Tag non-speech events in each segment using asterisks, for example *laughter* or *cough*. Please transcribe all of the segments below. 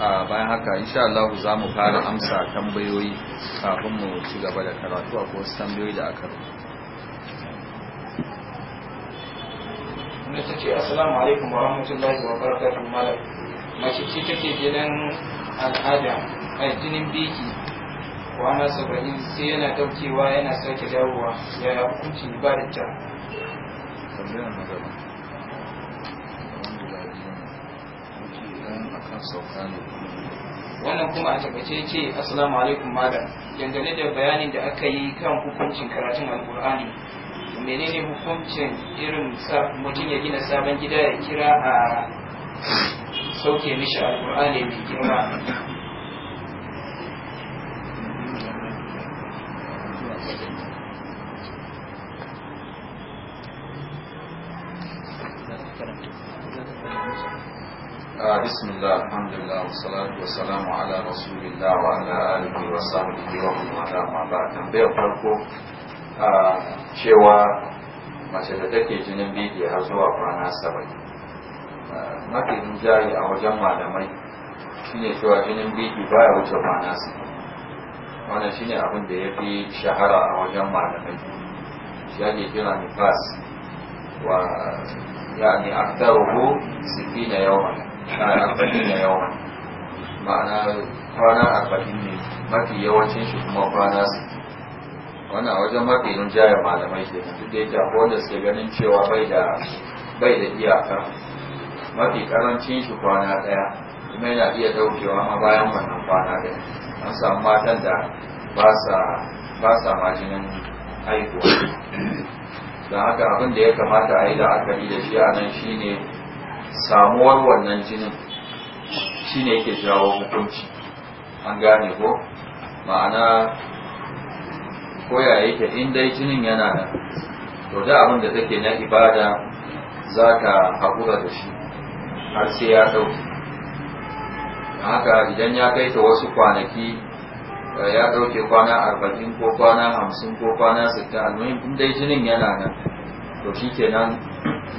bayan haka insha Allah za mu fara amsa tambayoyi kafin mu ci gaba da karatu a wasu tambayoyi da aka rubuta wanda ta ce assalamu alaikum wa rahmatullahi wa barakatuhu malam mace ce take gidan al'ada a jinin biki kwana saba'in sai yana daukewa yana sake dawowa yaya hukunci ba da ta wannan kuma a takaice ce assalamu alaikum malam dangane da bayanin da aka yi kan hukuncin karatun alkur'ani menene hukuncin irin mutum ya gina sabon gida ya kira a sauke mishi alkur'ani mai girma بسم الله الحمد لله والصلاة والسلام على رسول الله وعلى آله وصحبه ومن والاه ما بعد tambayar farko cewa mace da take jinin biki har zuwa kwana saba'in mafi rinjaye a wajen malamai shine cewa jinin biki baya wuce kwana saba'in wannan shine abin da ya fi shahara a wajen malamai shi ake kira nifas wa yani aktaruhu sittina yawman shara arba'in na yawa ma'ana kwana arba'in ne mafi yawancin shi kuma kwana wannan wajen mafi rinjayar malamai ke duk da yake akwai wanda suke ganin cewa bai da bai da iyaka mafi karancin shi kwana daya kuma yana iya daukewa ma bayan wannan kwana daya an samu matan da ba sa ba sa majinin haihuwa don haka abin da ya kamata a yi la'akari da shi a nan shine samuwar wannan jinin shine yake jawo hukunci an gane ko ma'ana koya yake in dai jinin yana nan to da abin da take na ibada za ta haƙura da shi har sai ya ɗauki haka idan ya kai ta wasu kwanaki eh, ya ɗauke kwana arba'in ko kwana hamsin ko kwana sittin almuhim in dai jinin yana nan to shi kenan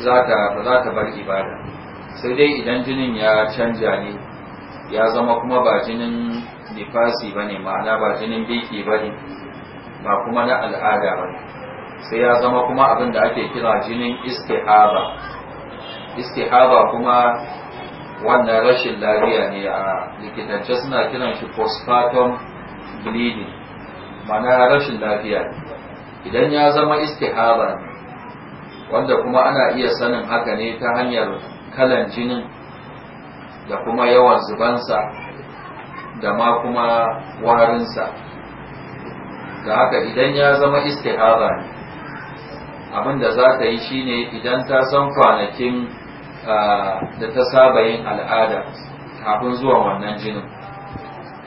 za ba za ta bar ibada sai dai idan jinin ya canja ne ya zama kuma ba jinin nifasi ba ne ma'ana ba jinin biki ba ne ba kuma na al'ada ba sai ya zama kuma abin da ake kira jinin istihaba istihaba kuma wannan rashin lafiya ne a likitance suna kiran shi postpartum bleeding ma'ana rashin lafiya idan ya zama istihaba ne wanda kuma ana iya sanin haka ne ta hanyar kalan jinin da kuma yawan zubansa da ma kuma warinsa da haka idan ya zama istihara ne da za ta yi shine idan ta san kwanakin da ta saba yin al'ada kafin zuwa wannan jinin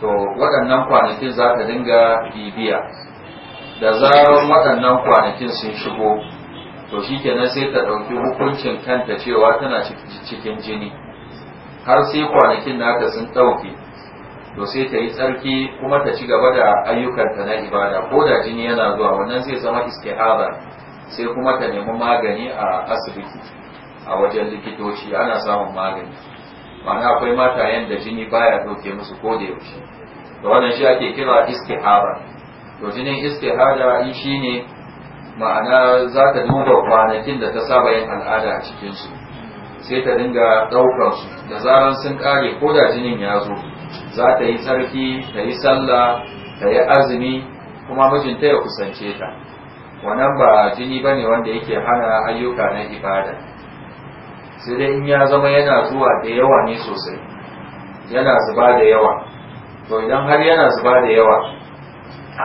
to waɗannan kwanakin za ta dinga bibiya da zarar waɗannan kwanakin sun shigo to shi kenan sai ta ɗauki hukuncin kanta cewa tana cikin jini har sai kwanakin naka sun ɗauke to sai ta yi tsarki kuma ta ci gaba da ayyukanta na ibada ko da jini yana zuwa wannan zai zama istihaba sai kuma ta nemi magani a asibiti a wajen likitoci ana samun magani ma'ana akwai matayen da jini baya ɗauke musu ko da yaushe to wannan shi ake kira istihaba to jinin istihada in shine ma'ana za ta duba kwanakin da ta saba yin al'ada a cikinsu sai ta dinga ɗaukar su da zaran sun ƙare ko da jinin ya zo za ta yi tsarki ta yi sallah ta yi azumi kuma mijinta ya kusance ta wannan ba jini ba ne wanda yake hana ayyuka na ibada sai dai in ya zama yana zuwa da yawa ne sosai yana zuba da yawa to idan har yana zuba da yawa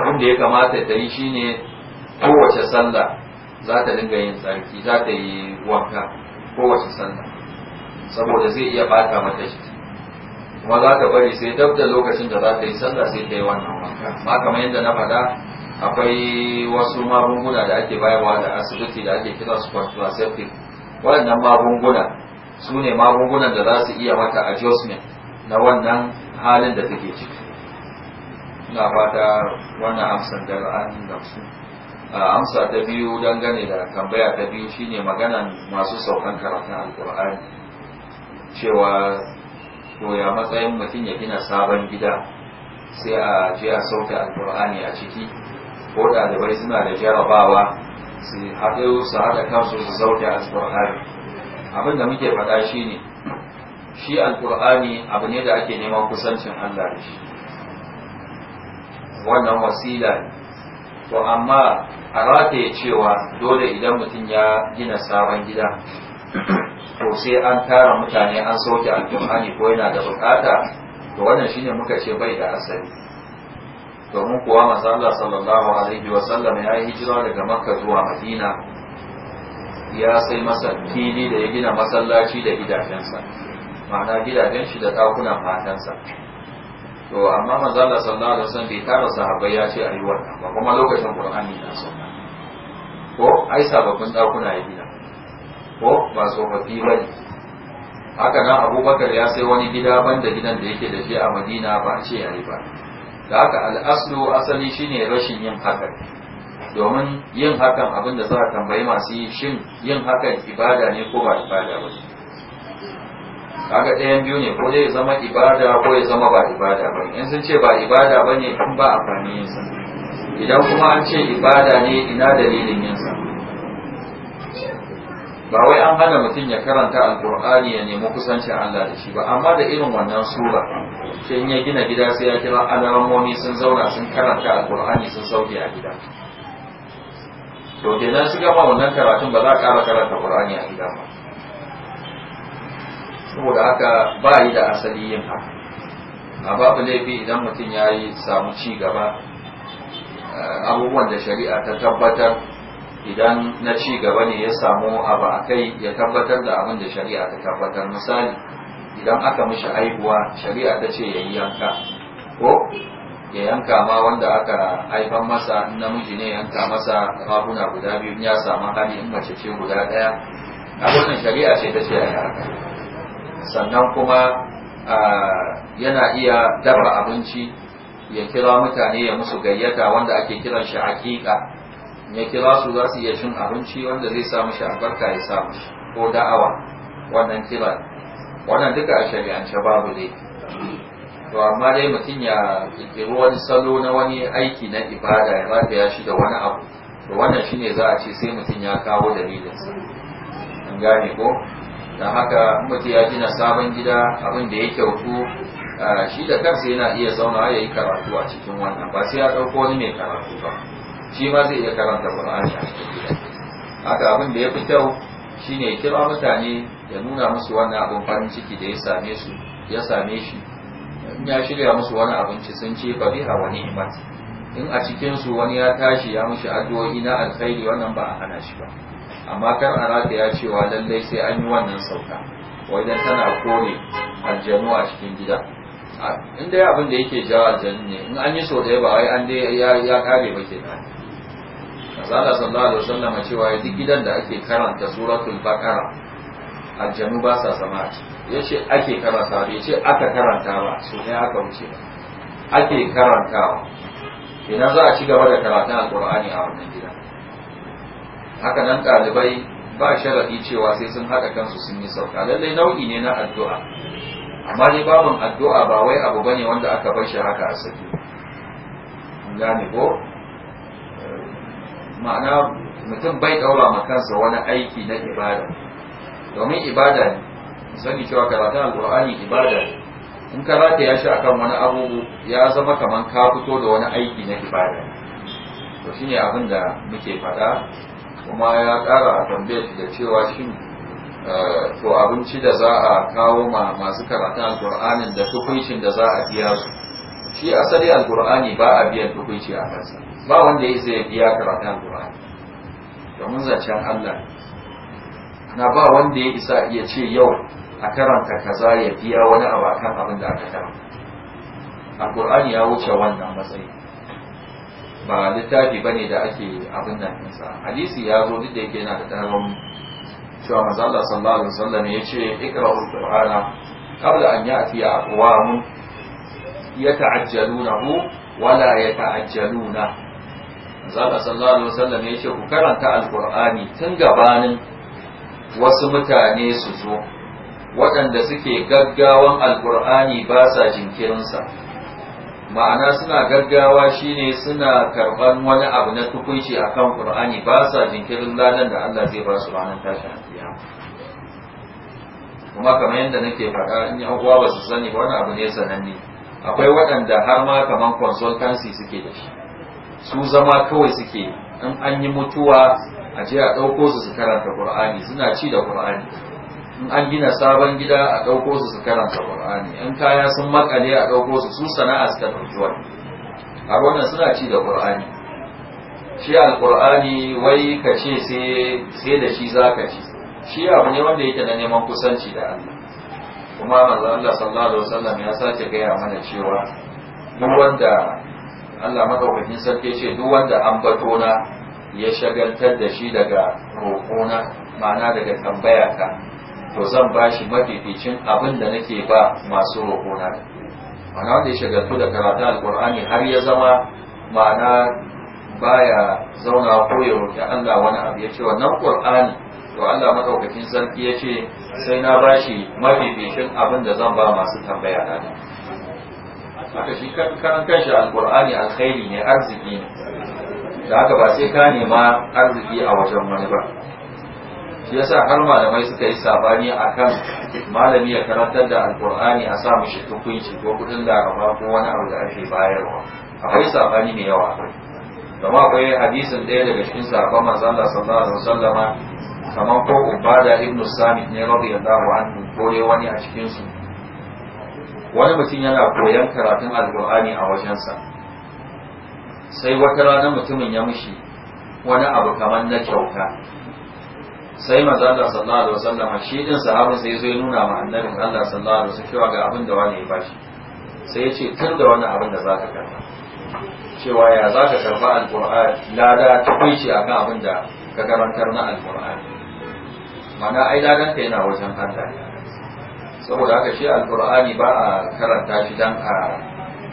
abin da ya kamata ta yi shine kowace sallah za ta dinga yin tsarki za ta yi wanka kowace sallah saboda zai iya bata mata shi, kuma za ta bari sai dab da lokacin da za ta yi sallah sai ta yi wannan wanka ma kamar yadda na faɗa akwai wasu magunguna da ake bayarwa da asibiti da ake kira su contraceptive waɗannan magunguna su ne magungunan da za su iya mata adjustment na wannan halin da take ciki na fata wannan amsar da ra'ayin da su amsa ta biyu gane da tambaya ta biyu shine magana masu saukan karatun alkur'ani cewa koya matsayin mutum ya gina sabon gida sai a je a sauke alkur'ani a ciki ko ɗalibai suna da jarabawa su haɗu su haɗa kansu su sauke alkur'ani abin da muke faɗa shine shi alkur'ani abu ne da ake neman kusancin allah da shi wannan wasila ne to amma a rataye cewa dole idan mutum ya gina sabon gida to sai an tara mutane an sauke alkur'ani ko yana da bukata to wannan shine muka ce bai da asali domin kuwa masallah sallallahu alaihi wa sallam ya yi hijira daga makka zuwa madina ya sai masa fili da ya gina masallaci da gidajensa ma'ana gidajen shi da ɗakunan matansa to amma manzo Allah sallallahu alaihi wasallam bai tara sahabbai ya ce ayi wannan ba kuma lokacin Qur'ani na sunna ko ai sababbin dakuna ya gina ko ba tsofaffi ba ne haka nan abubakar ya sai wani gida banda gidan da yake da shi a madina ba a ce ya ba da haka al'aslu asali shine rashin yin hakan domin yin hakan abinda za a tambayi masu yi shin yin hakan ibada ne ko ba ibada ba ne kaga ɗayan biyu ne ko dai ya zama ibada ko ya zama ba ibada ba in sun ce ba ibada ba ne in ba amfani yin sa idan kuma an ce ibada ne ina dalilin yin sa ba wai an hana mutum ya karanta alkur'ani ya nemi kusancin Allah da shi ba amma da irin wannan sura sai in ya gina gida sai ya kira alamomi sun zauna sun karanta alkur'ani sun sauke a gida to kenan su gama wannan karatun ba za a ƙara karanta alkur'ani a gida ba saboda haka ba yi da asali yin haka a babu laifi idan mutum ya yi samu ci gaba eh, abubuwan da shari'a ta tabbatar idan na ci gaba ne ya samu abu a kai ya tabbatar da abin da shari'a ta tabbatar misali idan aka mishi aihuwa shari'a ta ce ya yi yanka ko ya yanka ma wanda aka haifan masa in namiji ne yanka masa rahuna guda biyu ya samu hali in mace ce guda ɗaya abin shari'a ce ta ce ya yi haka sannan kuma yana iya dafa abinci ya kira mutane ya musu gayyata wanda ake kiran shi hakika, ya kira su za su iya cin abinci wanda zai samu shi albarka ya samu shi ko da'awa wannan kiran wannan duka a shari'ance babu ne to amma dai mutum ya kirkiri wani salo na wani aiki na ibada ya rataya shi da wani abu to wannan shine za a ce sai mutum ya kawo dalilinsa an gane ko Da haka mutu ya gina sabon gida abin da ya kyautu shi da kansa yana iya zauna ya yi karatu a cikin wannan ba sai ya ɗauko wani mai karatu ba shi ma zai iya karanta ba a cikin gida haka abin da ya fi kyau shi ne kira mutane ya nuna musu wannan abin farin ciki da ya same ya same shi in ya shirya musu wani abinci sun ce fa a wani ni'mat in a cikinsu wani ya tashi ya mushi addu'o'i na alkhairi wannan ba a hana shi ba amma kar a ya cewa lallai sai an yi wannan sauka wajen tana kore aljanu a cikin gida in dai abin da yake jawo aljanu ne in an yi sau da ba wai an dai ya kare ba ke kenan azala sallallahu alaihi wasallam cewa duk gidan da ake karanta suratul baqara aljanu ba sa zama a ce yace ake karanta ba ce aka karanta ba so ne aka wuce ba ake karantawa idan za a ci gaba da karatun alqur'ani a wannan gida haka nan ɗalibai ba sharaɗi cewa sai sun haɗa kansu sun yi sauka lallai nau'i ne na addu'a amma dai babin addu'a ba wai abu bane wanda aka bar shi haka a saki gane ko ma'ana mutum bai ɗaura ma kansa wani aiki na ibada domin ibada ne sani cewa karatun alƙur'ani ibada ne in ka rata ya shi akan wani abubu ya zama kamar ka fito da wani aiki na ibada to shine abin da muke faɗa kuma ya ƙara a tambaye da cewa shi eh, to abinci da za a kawo ma masu karatun alƙur'anin da tukuncin da za a biya su shi asali alkur'ani ba a biyan tukunci a kansa ba wanda ya zai biya karatun Da domin zancen allah na ba wanda ya isa iya ce yau a karanta kaza ya biya wani abu abin da aka karanta alkur'ani ya wuce wannan matsayi ba littafi ba ne da ake abin da ɗinsa hadisi ya zo duk da yake yana da ɗan cewa manzo sallallahu alaihi wasallam ya ce iqra'ul qur'ana qabla an ya'ti aqwam yata'ajjalunahu wa la yata'ajjaluna manzo sallallahu alaihi wasallam ya ce ku karanta alqur'ani tun gabanin wasu mutane su zo waɗanda suke gaggawan alqur'ani ba sa jinkirinsa ma'ana suna gaggawa shine suna karban wani abu na tukunci a kan ƙur'ani ba sa jinkirin ladan da Allah zai ba su ranar tashin kiyama kuma kamar yadda nake faɗa in yan uwa ba su sani ba wani abu ne sananne akwai waɗanda har ma kamar consultancy suke da shi su zama kawai suke in an yi mutuwa a je a ɗauko su su karanta ƙur'ani suna ci da ƙur'ani in an gina sabon gida a ɗauko su su karanta ƙur'ani in kaya sun makale a ɗauko su su sana'a su ta ɗauki a wannan suna ci da ƙur'ani shi alƙur'ani wai ka ce sai da shi za ka ci shi abu ne wanda yake na neman kusanci da Allah kuma manzo Allah sallallahu alaihi wasallam ya sake gaya mana cewa duk wanda Allah madaukakin sarki ce duk wanda an bato na ya shagaltar da shi daga roƙona ma'ana daga tambaya ka to zan ba shi mafificin abin da nake ba masu roƙona ma'ana wanda ya shagaltu da karatun Alƙur'ani har ya zama ma'ana baya zauna ko ya roƙi Allah wani abu ya ce wannan ƙur'ani. to Allah madaukakin sarki ya ce sai na ba shi mafificin abin da zan ba masu tambaya na haka shi kan kanshi alƙur'ani alkhairi ne arziki ne da haka ba sai ka nema arziki a wajen wani ba shi yasa har malamai suka yi sabani akan malami ya karantar da alkur'ani a sa shi tukunci ko kudin laraba ko wani abu da ake bayarwa akwai sabani mai yawa kuma akwai hadisin ɗaya daga cikin sahabban manzon Allah sallallahu alaihi wasallam kamar ko ubada ibnu Sami ne radiyallahu anhu ko dai wani a cikin su wani mutum yana koyan karatun alkur'ani a wajensa sai wata rana mutumin ya mushi wani abu kamar na kyauta sai manzo Allah sallallahu alaihi wasallam shi din sahabin sai zai nuna ma annabin Allah sallallahu alaihi wasallam cewa ga abin da wani ya bashi sai ya ce tun da wani abin da zaka karba cewa ya zaka karba alqur'ani lada ta kai akan abin da ka karantar na alqur'ani mana ai da ganta yana wajen Allah saboda haka shi alqur'ani ba a karanta shi dan a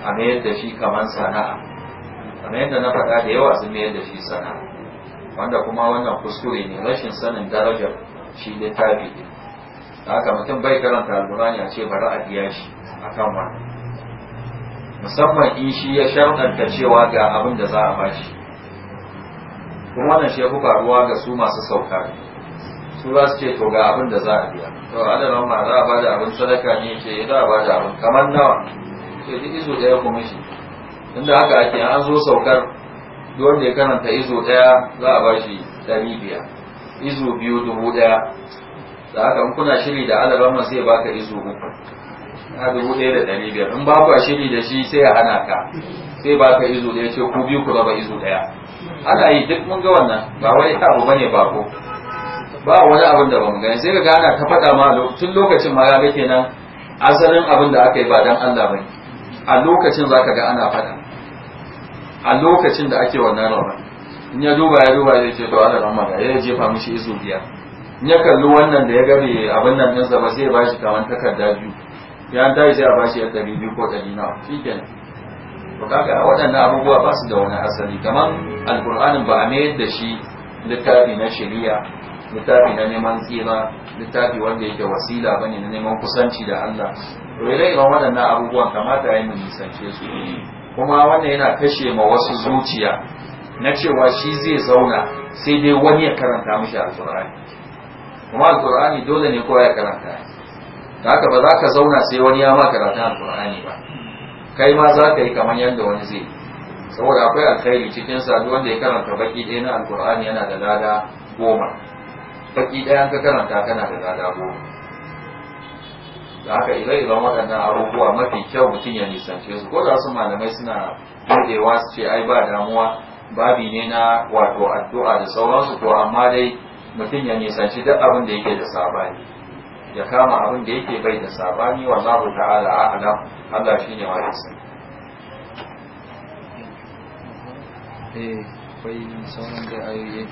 a mayar da shi kaman sana'a kamar yadda na faɗa da yawa sun mayar da shi sana'a wanda kuma wannan kuskure ne rashin sanin darajar shi littafi ne haka mutum bai karanta alkurani a ce bari a biya shi akan wannan musamman in shi ya sharɗanta cewa ga abin da za a ba shi. kuma wannan shi ya fi faruwa ga su masu sauka su za su ce to ga abin da za a biya to da ma za a ba da abin sadaka ne ce eh, za a ba da abin kamar nawa ce duk izo da ya kuma shi inda haka ake an zo saukar duk wanda ya karanta izo daya za a bashi ɗari biyar izo biyu dubu ɗaya, da haka in kuna shiri da alaban sai ya baka izo uku na dubu daya da ɗari biyar in ba ku shiri da shi sai ya hana ka sai baka izo daya ce ku biyu ku raba izo daya ana yi duk mun ga wannan ba wani abu bane ba ko ba wani abin da ba mu gani sai ka gana ta faɗa ma tun lokacin ma ya ga kenan asalin abin da aka yi ba dan Allah bane a lokacin zaka ga ana faɗa a lokacin da ake wannan rauran in ya duba ya duba zai ce to ana rama ga ya jefa mishi izu biyar in ya kalli wannan da ya gabe abin nan sa ba sai ba shi kamar takarda biyu ya ta sai a ba shi ɗari biyu ko ɗari na shi kenan to kaga waɗannan abubuwa ba su da wani asali kamar alkur'anin ba a mayar da shi littafi na shari'a littafi na neman tsira littafi wanda yake wasila ba ne na neman kusanci da Allah to idan iren waɗannan abubuwan kamata ya yi mu nisance su kuma wannan yana kashe ma wasu zuciya na cewa shi zai zauna sai dai wani ya karanta mishi alkur'ani kuma alkur'ani dole ne kowa ya karanta da haka ba za ka zauna sai wani ya ma karanta alkur'ani ba kai ma za ka yi kamar yadda wani zai saboda akwai alkhairi cikin sa duk wanda ya karanta baki ɗaya na alkur'ani yana da lada goma baki ɗaya ka karanta kana da lada goma da haka ire-iren waɗannan abubuwa mafi kyau mutum ya nisance su ko da su malamai suna buɗewa su ce ai ba damuwa babi ne na wato addu'a da sauransu to amma dai mutum ya nisanci duk abin da yake da sabani ya kama abin da yake bai da sabani wallahu ta'ala a'lam Allah shine wa yasin eh akwai sauran da ayoyi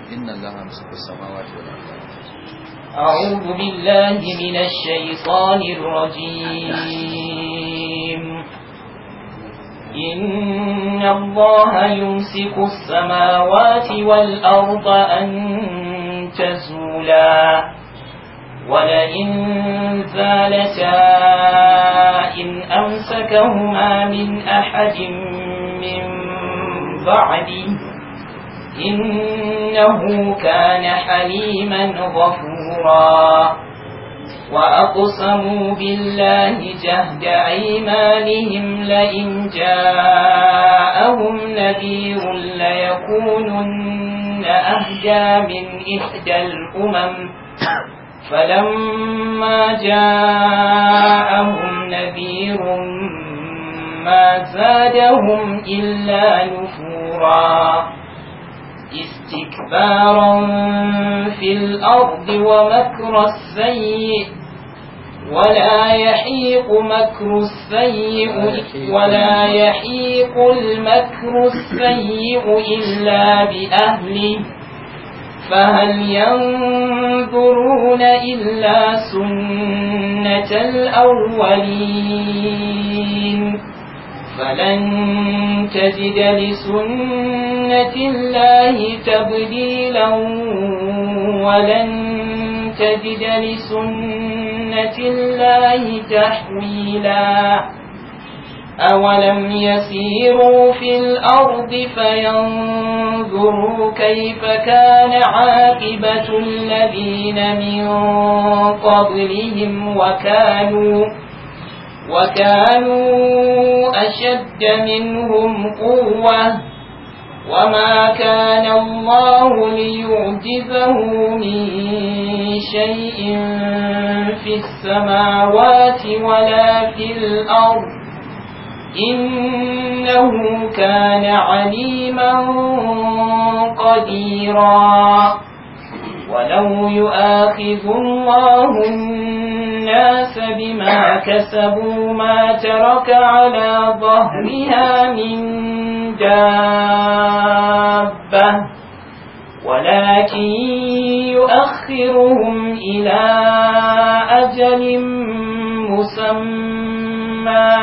أعوذ بالله من الشيطان الرجيم إن الله يمسك السماوات والأرض أن تزولا ولئن زالتا إن أمسكهما من أحد من بعده إنه كان حليما غفورا وأقسموا بالله جهد أيمانهم لئن جاءهم نذير ليكونن أهدى من إحدى الأمم فلما جاءهم نذير ما زادهم إلا نفورا استكبارا في الأرض ومكر السيء ولا يحيق مكر السيء ولا يحيق المكر السيء إلا بأهله فهل ينظرون إلا سنة الأولين فلن تجد لسنة الله تبديلا ولن تجد لسنة الله تحويلا أولم يسيروا في الأرض فينظروا كيف كان عاقبة الذين من قبلهم وكانوا وكانوا أشد منهم قوة وما كان الله ليعجزه من شيء في السماوات ولا في الأرض إنه كان عليما قديرا ولو يؤاخذ الله الناس بما كسبوا ما ترك على ظهرها من دابة ولكن يؤخرهم إلى أجل مسمى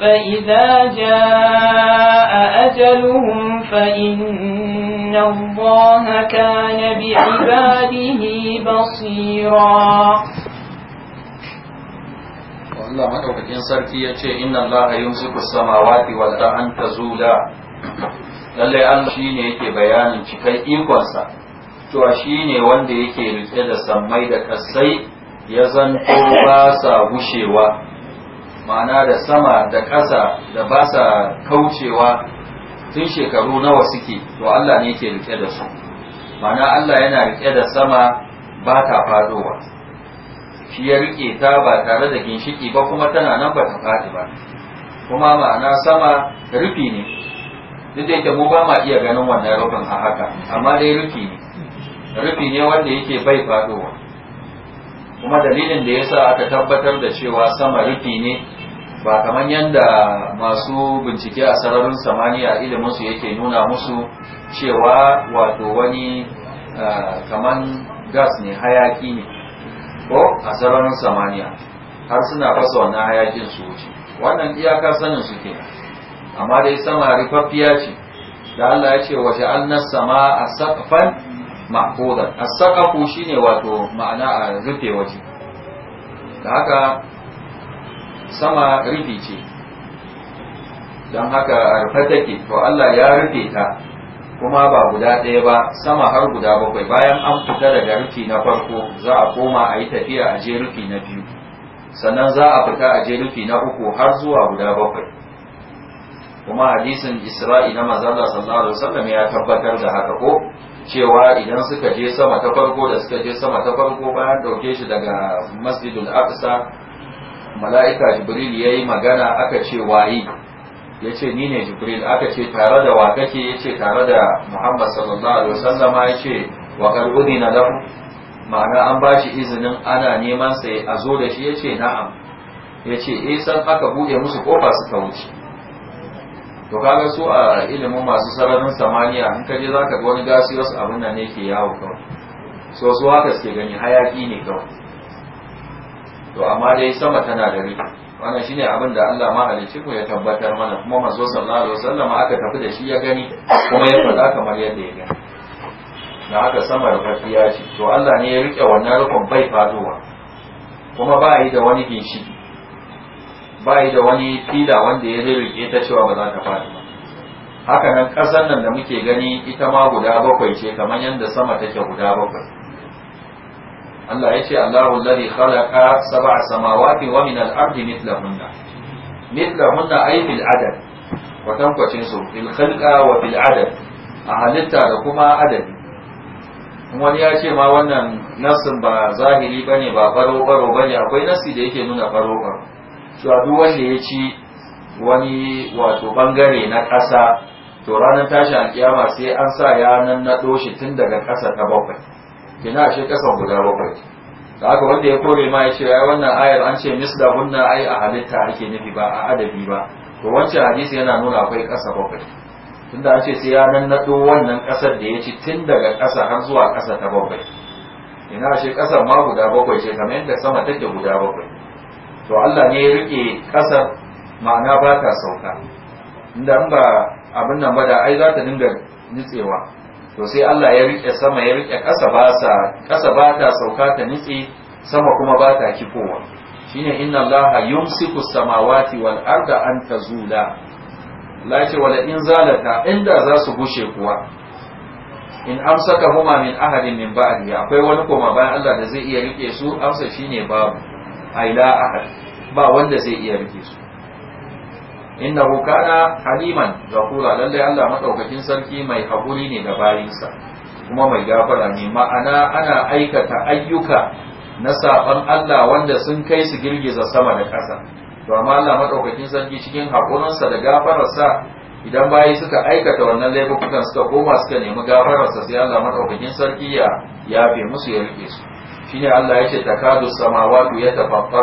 فإذا جاء أجلهم فإن الله كان بعباده بصيرا Allah madaukakin sarki ya ce inna Allah yumsiku samawati wal an tazula lallai Allah shine yake bayanin cikai ikonsa cewa shine wanda yake rike da sammai da ƙasai ya zanto ba sa gushewa ma'ana da sama da ƙasa da ba sa kaucewa tun shekaru nawa suke to Allah ne yake rike da su ma'ana Allah yana rike da sama ba ta fadowa shi ya rike ta ba tare da ginshiki ba kuma tana nan ba ta fadi ba kuma ma'ana sama rufi ne duk da yake mu ba ma iya ganin wannan rufin a haka amma dai rufi ne rufi ne wanda yake bai fadowa kuma dalilin da yasa aka tabbatar da cewa sama rufi ne ba kamar yadda masu bincike a sararin samaniya iliminsu yake nuna musu cewa wato wani kamar gas ne hayaki ne ko a sararin samaniya har suna fasa wannan hayakin su wuce wannan iyaka sanin suke. amma dai sama rifaffiya ce da Allah ya ce waje an sama a saƙafan ma'akodan a saƙafu shine wato ma'ana a rufe waje da haka sama rufi ce don haka rufe take to Allah ya rufe ta kuma ba guda ɗaya ba sama har guda bakwai bayan an fita daga rufi na farko za a koma a yi tafiya a je rufi na biyu sannan za a fita a je rufi na uku har zuwa guda bakwai kuma hadisin isra'i na mazalla sallallahu alaihi wasallam ya tabbatar da haka ko cewa idan suka je sama ta farko da suka je sama ta farko bayan dauke shi daga masjidul aqsa mala'ika jibril ya yi magana aka ce wayi ya ce ni ne jibril aka ce tare da wa kake tare da muhammad sallallahu alaihi wasallam ya ce wa karɓudi na lahu ma'ana an ba shi izinin ana neman sai a zo da shi ya ce na'am ya ce eh san aka buɗe musu kofa suka wuce to kaga su a ilimin masu sararin samaniya in ka je zaka ga wani wasu abin nan ne yawo kawai so su haka suke gani hayaki ne kawai to amma dai sama tana da rufi wannan shine abin da Allah mahalicci mu ya tabbatar mana kuma manzo sallallahu alaihi wasallam aka tafi da shi ya gani kuma ya faɗa kamar yadda ya gani da haka sama ya ce to Allah ne ya rike wannan rufin bai fadowa kuma ba yi da wani ginshiki ba yi da wani fila wanda ya rike ta cewa ba za ta faɗi ba haka nan ƙasar nan da muke gani ita ma guda bakwai ce kamar yadda sama take guda bakwai Allah ya ce Allahu alladhi khalaqa sab'a samawati wa min al-ardi mithlahunna mithlahunna ay bil adad kwatankwacin su fil khalqa wa fil adad a halitta da kuma adadi wani ya ce ma wannan nasin ba zahiri bane ba baro baro bane akwai nasi da yake nuna baro baro cewa duk wanda ya ci wani wato bangare na ƙasa to ranar tashi alkiyama sai an sa ya nan na shi tun daga ƙasa ta bakwai kina ashe kasan guda bakwai da aka wanda ya kore ma ya ce ya wannan ayar an ce misla hunna ai a halitta ake nufi ba a adabi ba to wancan hadisi yana nuna akwai kasa bakwai tunda an ce sai ya nan nado wannan kasar da ya ci tun daga kasa har zuwa kasa ta bakwai ina ashe kasan ma guda bakwai ce kamar yadda sama take guda bakwai to Allah ne ya rike kasar ma'ana ba ta sauka inda an ba abin nan ba da ai za ta dinga nutsewa to sai Allah ya rike sama ya rike ƙasa ba sa ƙasa ba ta sauka ta nitse sama kuma ba ta kifowa shine inna Allah yumsiku samawati wal arda an tazula Allah ce wala in zalata inda za su gushe kuwa in amsaka huma min ahadin min ba'di akwai wani koma bayan Allah da zai iya rike su amsa shine babu aila ahad ba wanda zai iya rike su innahu kana haliman ghafura lalle Allah madaukakin sarki mai haƙuri ne da bayinsa kuma mai gafara ne ma'ana ana aikata ayyuka na saban Allah wanda sun kai su girgiza sama da ƙasa to amma Allah madaukakin sarki cikin haƙurinsa da gafararsa idan bayi suka aikata wannan laifukan suka koma suka nemi gafararsa sai Allah madaukakin sarki ya yafe musu ya rike su shine Allah ya ce takadu samawati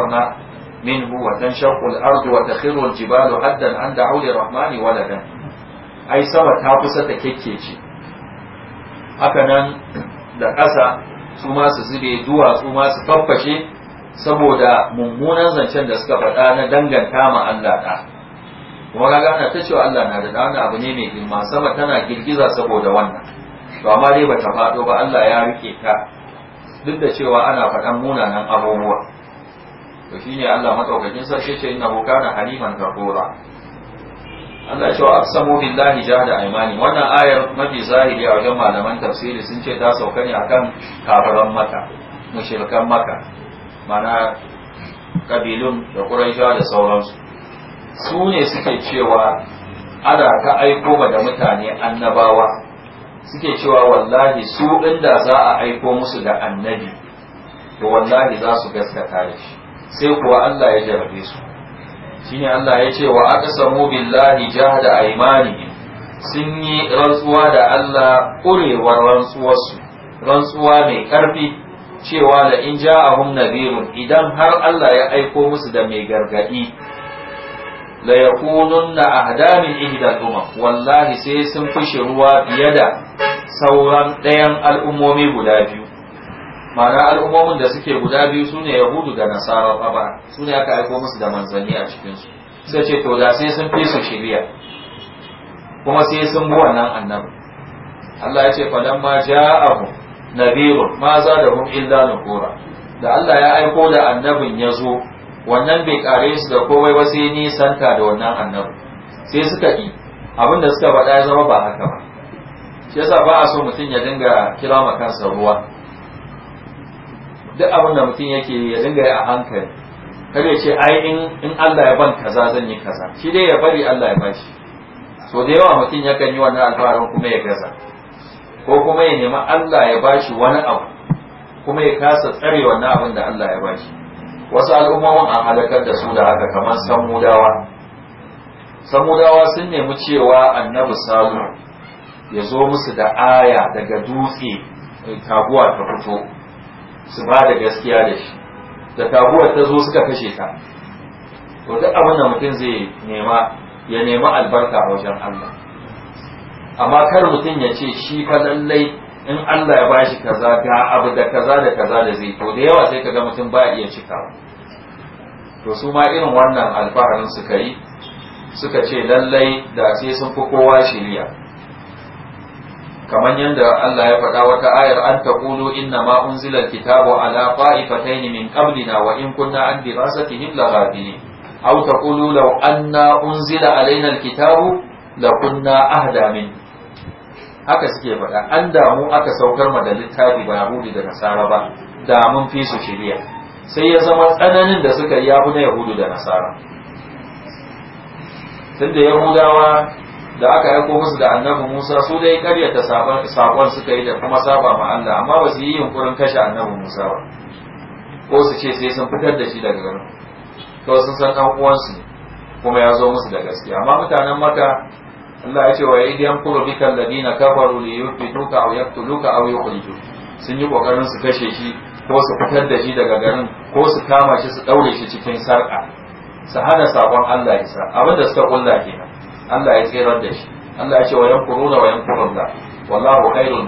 na. minhu wa tanshaqu al-ardu wa takhiru jibalu haddan an da'u lirrahmani waladan ai sama ta kusa da kekkece haka nan da ƙasa su ma su zube duwatsu ma su faffashe saboda mummunan zancen da suka faɗa na danganta ma Allah ɗa kuma ga ana ta cewa Allah na da ɗa wannan abu ne mai girma sama tana girgiza saboda wannan to dai bata faɗo ba Allah ya rike ta duk da cewa ana faɗan munanan abubuwa to shi ne Allah madaukakin sarki ce inna hu kana haliman ghafura Allah cewa aqsamu billahi jahda aymani wannan ayar mafi zahiri a wajen malaman tafsiri sun ce ta sauka ne akan kafiran maka mushrikan maka mana kabilun da quraisha da sauransu su ne suke cewa ada ka aiko ba da mutane annabawa suke cewa wallahi su inda za a aiko musu da annabi to wallahi za su gaskata da shi sai kuwa Allah ya jarabe su shine Allah ya ce wa aka samu billahi a imani sun yi rantsuwa da Allah ƙurewar rantsuwarsu rantsuwa mai ƙarfi cewa da in ja hun nadhirun idan har Allah ya aiko musu da mai gargadi la na ahda min ihdal umam wallahi sai sun fushi ruwa fiye da sauran ɗayan al'ummomi guda biyu ma'ana al'ummomin da suke guda biyu sune yahudu da nasara ba su ne aka aiko musu da manzanni a cikinsu sai ce to da sai sun fi su shirya kuma sai sun bi wannan annabi Allah ya ce fadan ma ja'ahu nabirun ma za da hum illa nufura da Allah ya aiko da annabin ya zo wannan bai kare su da komai ba sai nisanta da wannan annabi sai suka yi abinda suka faɗa ya zama ba haka ba shi yasa ba a so mutum ya dinga kira ma kansa ruwa duk abin da mutum yake ya dinga yi a hankali kada ya ce ai in in Allah ya ban kaza zan yi kaza shi dai ya bari Allah ya bashi so da yawa mutum yakan yi wannan alfaharin kuma ya gaza ko kuma ya nemi Allah ya bashi wani abu kuma ya kasa tsare wannan abin da Allah ya bashi wasu al'ummomin an halakar da su da haka kamar samudawa samudawa sun nemi cewa annabi salu ya zo musu da aya daga dutse taguwa ta fito su ba da gaskiya da shi da taguwar ta zo suka kashe ta to duk abin da mutum zai nema ya nema albarka a wajen Allah amma kar mutum ya ce shi fa lallai in Allah ya bashi kaza ga abu da kaza da kaza da zai to da yawa sai kaga mutum ba iya cika to su ma irin wannan alfaharin suka yi suka ce lallai da sai sun fi kowa shiriya kamar yadda Allah ya faɗa wata ayar an kulu inna ma unzila kitabu ala qa'ifatayn min qablina wa in kunna an dirasatihim laghafilin aw taqulu law anna unzila alaina alkitabu lakunna ahda min haka suke faɗa an damu aka saukar ma da littafi ba yahudi da nasara ba da mun fi su shirya sai ya zama tsananin da suka yi yafi na yahudu da nasara tunda yahudawa da aka aiko musu da annabi Musa su dai karyata sakon suka yi da kuma saba ma Allah amma ba su yi yunkurin kashe annabi Musa ba ko su ce sai sun fitar da shi daga garin to sun san dan uwansu kuma ya zo musu da gaskiya amma mutanen maka Allah ya ce wa idh kuro bika ladina kafaru li yuthbituka aw yaqtuluka aw yukhrijuk sun yi kokarin su kashe shi ko su fitar da shi daga garin ko su kama shi su ɗaure shi cikin sarƙa, su hana saƙon Allah isa abinda suka ƙulla kenan Allah ya tserar da shi Allah ya ce wa da wa da wallahu khairul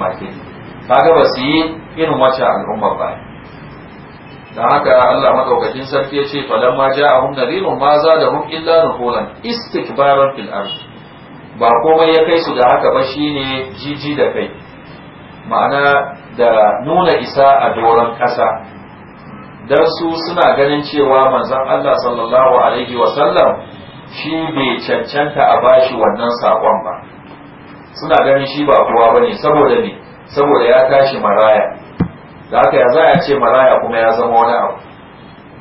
Ka kaga ba su yi irin wace al'umma ba da haka Allah madaukakin sarki ya ce ma falamma ja'ahum nadhirun ma hum illa nufuran istikbaran fil ard ba komai ya kai su da haka ba shine jiji da kai ma'ana da nuna isa a doron ƙasa dan su suna ganin cewa manzon Allah sallallahu alaihi wa sallam shi bai cancanta a bashi wannan sakon ba suna ganin shi ba kowa ba ne saboda ne saboda ya tashi maraya da haka ya za ce maraya kuma ya zama wani abu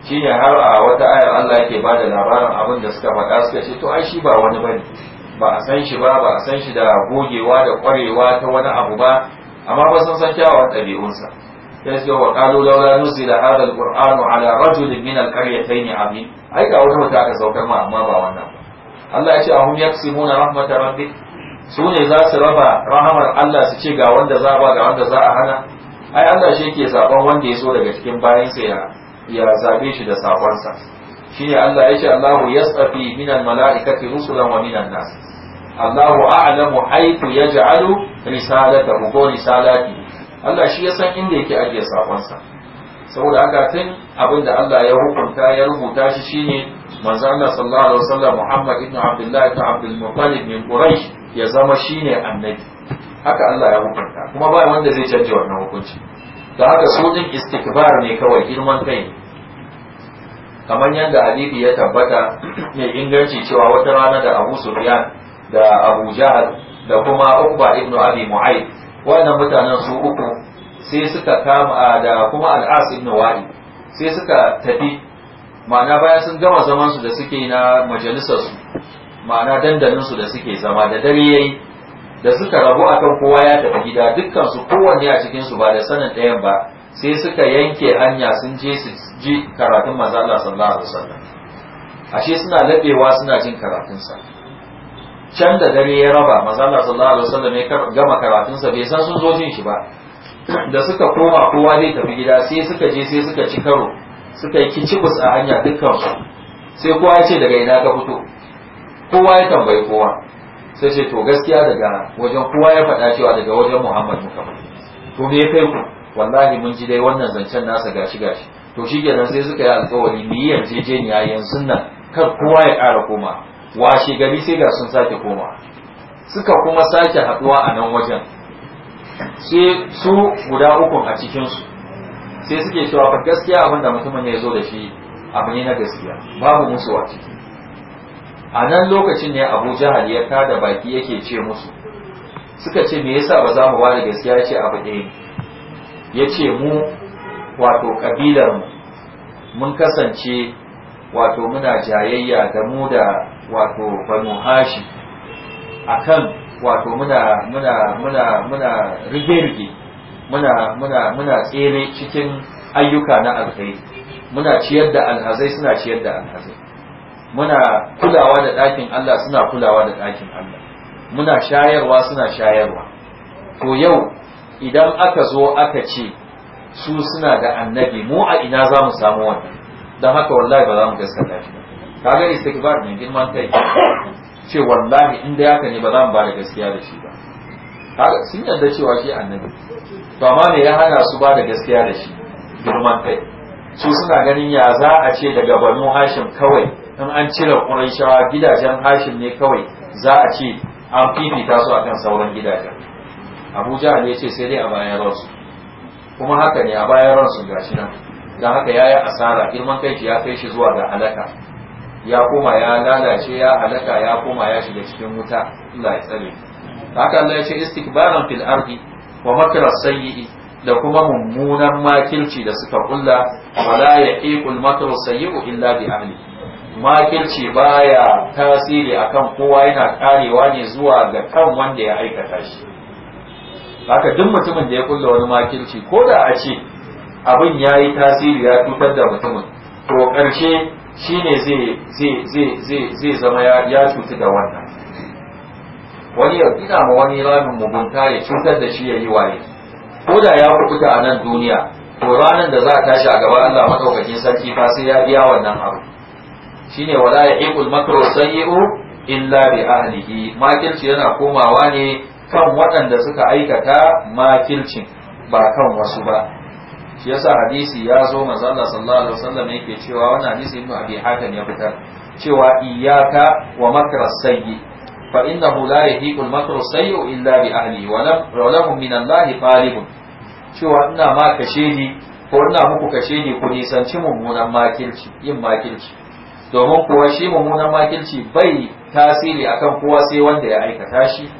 Shi ne har a wata ayar Allah yake ba da labarin abin da suka faɗa suka ce to ai shi ba wani ne ba a san shi ba ba a san shi da gogewa da ƙwarewa ta wani abu ba amma ba sun san kyawawan ɗabi'unsa ya ce wa qalu laula nuzila hadha alqur'anu ala rajulin min alqaryatayn amin ai ga wata wata aka saukar ma amma ba wannan Allah ya ce ahum yaqsimuna rahmat rabbik su ne za su raba rahamar Allah su ce ga wanda za ba ga wanda za a hana ai Allah shi yake zaban wanda ya so daga cikin bayansa ya ya zabe shi da sabonsa shine Allah ya ce Allahu yastafi minal mala'ikati rusulan wa minan nas Allahu a'lamu haythu yaj'alu risalatahu ko risalati Allah shi ya san inda yake ajiye sakonsa saboda haka tun abin da Allah ya hukunta ya rubuta shi shine manzo Allah sallallahu alaihi wasallam Muhammad ibn Abdullah ibn Abdul Muttalib min Quraysh ya zama shine annabi haka Allah ya hukunta kuma ba wanda zai canje wannan hukunci da haka su din istikbar ne kawai girman kai kamar yadda hadisi ya tabbata mai inganci cewa wata rana da Abu Sufyan da Abu Jahl da kuma Uqba ibn Abi Mu'ayth wannan mutanen su uku sai suka kama da kuma al'as ibn wadi sai suka tafi ma'ana bayan sun gama zaman su da suke na majalisar su ma'ana dandalin su da suke zama da dare yayi da suka rabu akan kowa ya tafi gida dukkan su kowanne a cikin su ba da sanin ɗayan ba sai suka yanke hanya sun je su ji karatun manzo Allah sallallahu alaihi wasallam ashe suna labewa suna jin karatun sa can da dare ya raba manzo Allah sallallahu alaihi wasallam ya gama karatun sa bai san sun zo jin shi ba da suka koma kowa zai tafi gida sai suka je sai suka ci karo suka yi kicibus a hanya dukkan su sai kowa ya ce daga ina ka fito kowa ya tambayi kowa sai ce to gaskiya daga wajen kowa ya faɗa cewa daga wajen muhammad muka to me ya kai ku wallahi mun ji dai wannan zancen nasa gashi gashi to shi kenan sai suka yi alkawari mu yi yarjejeniya yanzu nan kar kowa ya ƙara koma washe gari sai ga sun sake koma suka kuma sake haɗuwa a nan wajen sai su guda ukun a cikinsu sai suke cewa fa gaskiya abin da mutumin ya zo da shi abu ne na gaskiya babu musu a ciki a nan lokacin ne abu jahal ya da baki yake ce musu suka ce me yasa ba za mu ware gaskiya ce abu ɗaya ya ce mu wato kabilar mu mun kasance wato muna jayayya da mu da wato banu hashi akan wato muna muna muna muna rige-rige muna muna muna tsere cikin ayyuka na alkhairi muna ciyar da alhazai suna ciyar da alhazai muna kulawa da ɗakin Allah suna kulawa da ɗakin Allah muna shayarwa suna shayarwa to yau idan aka zo aka ce su suna da annabi mu a ina za mu samu wannan don haka wallahi ba za mu gaskata shi ba kaga istikbar ne girman kai ce wallahi inda ya ne ba zan mu ba da gaskiya da shi ba sun yarda cewa shi annabi to amma ne ya hana su ba da gaskiya da shi girman kai su suna ganin ya za a ce daga banu hashim kawai in an cire ƙurashawa gidajen hashim ne kawai za a ce an fifita su akan sauran gidajen Abuja jahal ya ce sai dai a bayan ransu kuma haka ne a bayan ransu gashi nan don haka ya yi asara girman kai shi ya kai shi zuwa ga alaka ya koma ya lalace ya halaka ya koma ya shiga cikin wuta Allah ya tsare haka Allah ya ce istikbaran fil ardi wa makra sayyi da kuma mummunan makilci da suka kulla wala yaqiqul makru sayyi illa bi ahli Makilci baya tasiri akan kowa yana karewa ne zuwa ga kan wanda ya aikata shi haka duk mutumin da ya kulla wani makilci ko da a ce abin ya yi tasiri ya cutar da mutumin to karshe Shi ne zai zama ya cutu da wannan wani ya gina ma wani ramin mugunta ya cutar da shi ya yi waye ko da ya kubuta a nan duniya to ranar da za a tashi a gaba Allah madaukakin sarki fa sai ya biya wannan abu shine wala ya iqul makru sayyi'u illa bi ahlihi Makilci yana komawa ne kan waɗanda suka aikata makilcin ba kan wasu ba shi yasa hadisi ya zo manzo Allah sallallahu alaihi wasallam yake cewa wannan hadisi ibnu abi hakan ya fitar cewa iyyaka wa makra sayyi fa innahu la yahiku al makru sayyi illa bi ahli wa rawahu min Allah qalibun cewa ina ma ni ko ina muku ni ku nisanci mummunan makirci yin makirci domin kuwa shi mummunan makirci bai tasiri akan kowa sai wanda ya aikata shi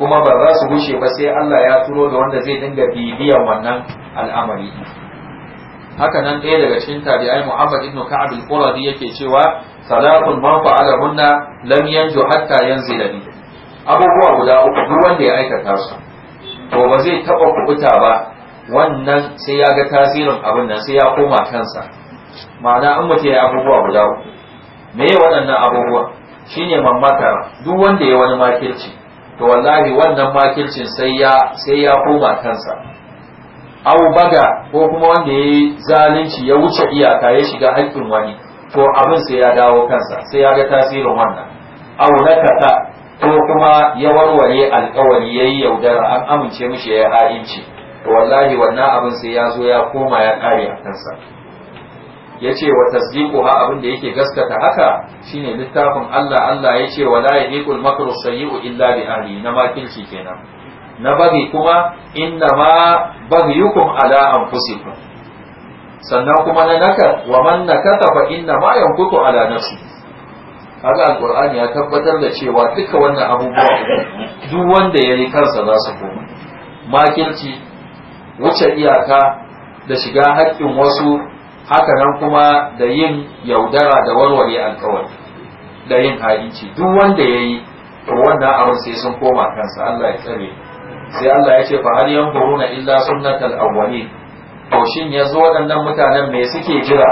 kuma ba za su wuce ba sai Allah ya turo da wanda zai dinga bibiyan wannan al'amari haka nan ɗaya daga cikin tabi'ai Muhammad ibn Ka'ab al-Quradi yake cewa salatun man fa'ala hunna lam yanju hatta yanzila bi abubuwa guda uku duk wanda ya aikata su to ba zai taba kubuta ba wannan sai ya ga tasirin abin nan sai ya koma kansa ma'ana in mutu ya abubuwa guda uku me waɗannan abubuwa shine mamaka duk wanda ya wani makirci to wallahi wannan makircin sai ya sai ya koma kansa abu baga ko kuma wanda yayi zalunci ya wuce iyaka ya shiga haƙƙin wani to abin sai ya dawo kansa sai ya ga tasirin wannan au nakata ko kuma ya warware alƙawari yayi yaudara an amince mishi yayi ha'inci to wallahi wannan abin sai ya zo ya koma ya ƙare a kansa Ya ce wa ha abin da yake gaskata haka shine littafin Allah Allah ya wa wala yahiqul makru sayyi'u illa bi ahli na makinci kenan na bari kuma inna ma baghyukum ala anfusikum sannan kuma na naka wa man nakata fa inna ma yanqutu ala nafsi kaga alqur'ani ya tabbatar da cewa duka wannan abubuwa duk wanda yayi kansa za su koma makirci wuce iyaka da shiga haƙƙin wasu haka nan kuma da yin yaudara da warware alkawari da yin haici duk wanda ya yi to wannan abin sai sun koma kansa Allah ya tsare sai Allah ya ce fa hal na illa sunnatal awwalin to shin yanzu waɗannan mutanen me suke jira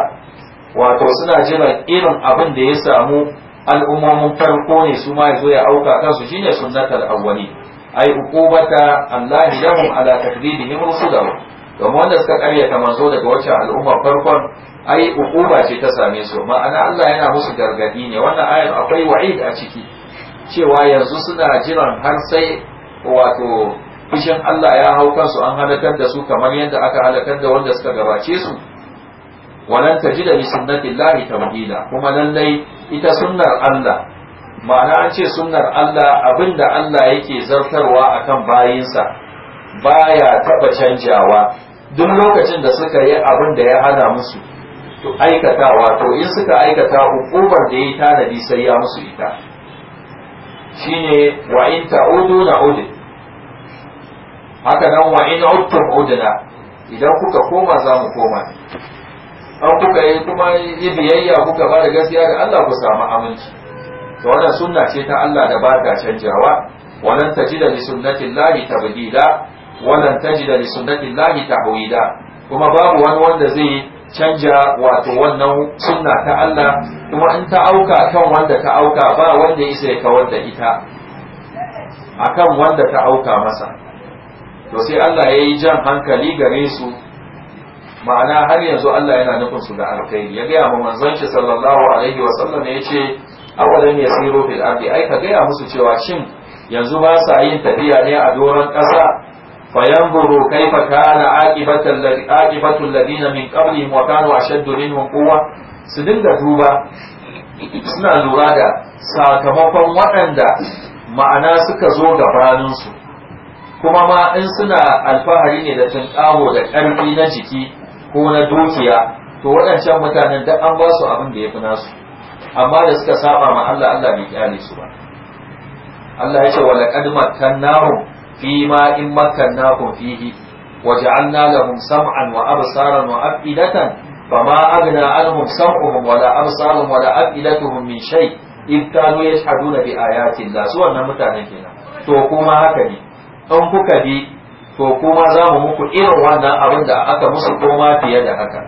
wato suna jiran irin abin da ya samu al'ummomin farko ne su ma yazo ya auka kansu shine sunnatal awwalin ai uqubata Allah lahum ala takdibihim da domin wanda suka ta manzo daga wacce al'umma farkon ai ukuba ce ta same su ma'ana Allah yana musu gargadi ne wannan ayar akwai wa'id a ciki cewa yanzu suna jiran har sai wato fushin Allah ya hau kansu an halakar da su kamar yadda aka halakar da wanda suka gabace su walan tajida li sunnatillahi tabdila kuma lallai ita sunnar Allah ma'ana an ce sunnar Allah abinda Allah yake zartarwa akan bayinsa baya taba canjawa duk lokacin da suka yi abin da ya hana musu to aikatawa to in suka aikata hukumar da ya tanadi sai ya musu ita shine wa in ta'udu na udu haka nan wa in uttum udna idan kuka koma za mu koma an kuka yi kuma yi biyayya kuka ba da gaskiya ga Allah ku samu aminci to wannan sunna ce ta Allah da ba ta canjawa wannan tajida li sunnatillahi tabdila Wannan walan da li ta tahwida kuma babu wani wanda zai canja wato wannan sunna ta Allah kuma in ta auka kan wanda ta auka ba wanda ya isa ya kawar da ita akan wanda ta auka masa to sai Allah ya yi jan hankali gare su ma'ana har yanzu Allah yana nufin su da alkhairi ya gaya ma manzon shi sallallahu alaihi wa sallam ya ce awalan yasiru fil ardi ai ka gaya musu cewa shin yanzu ba sa yin tafiya ne a doron ƙasa فينظروا كيف كان عاقبة الذين من قبلهم وكانوا أشد منهم قوة سدنك دوبا suna lura da sakamakon waɗanda ma'ana suka zo ga gabaninsu kuma ma in suna alfahari ne da tunƙaho da ƙarfi na jiki ko na dukiya to waɗancan mutanen da an ba abin da ya fi nasu amma da suka saba ma Allah Allah bai kyale su ba Allah ya ce wa laqad makkannahum fi ma in makkannahum fihi waja'alna lahum sam'an wa absaran wa afidatan فما أغنى عنهم سمعهم ولا أبصارهم ولا أفئدتهم من شيء إذ كانوا يجحدون بآيات الله سوى أن توقوما هكذا أم كبي توقوما زام إن وانا أبدا أكا مسلقوما في يد هكا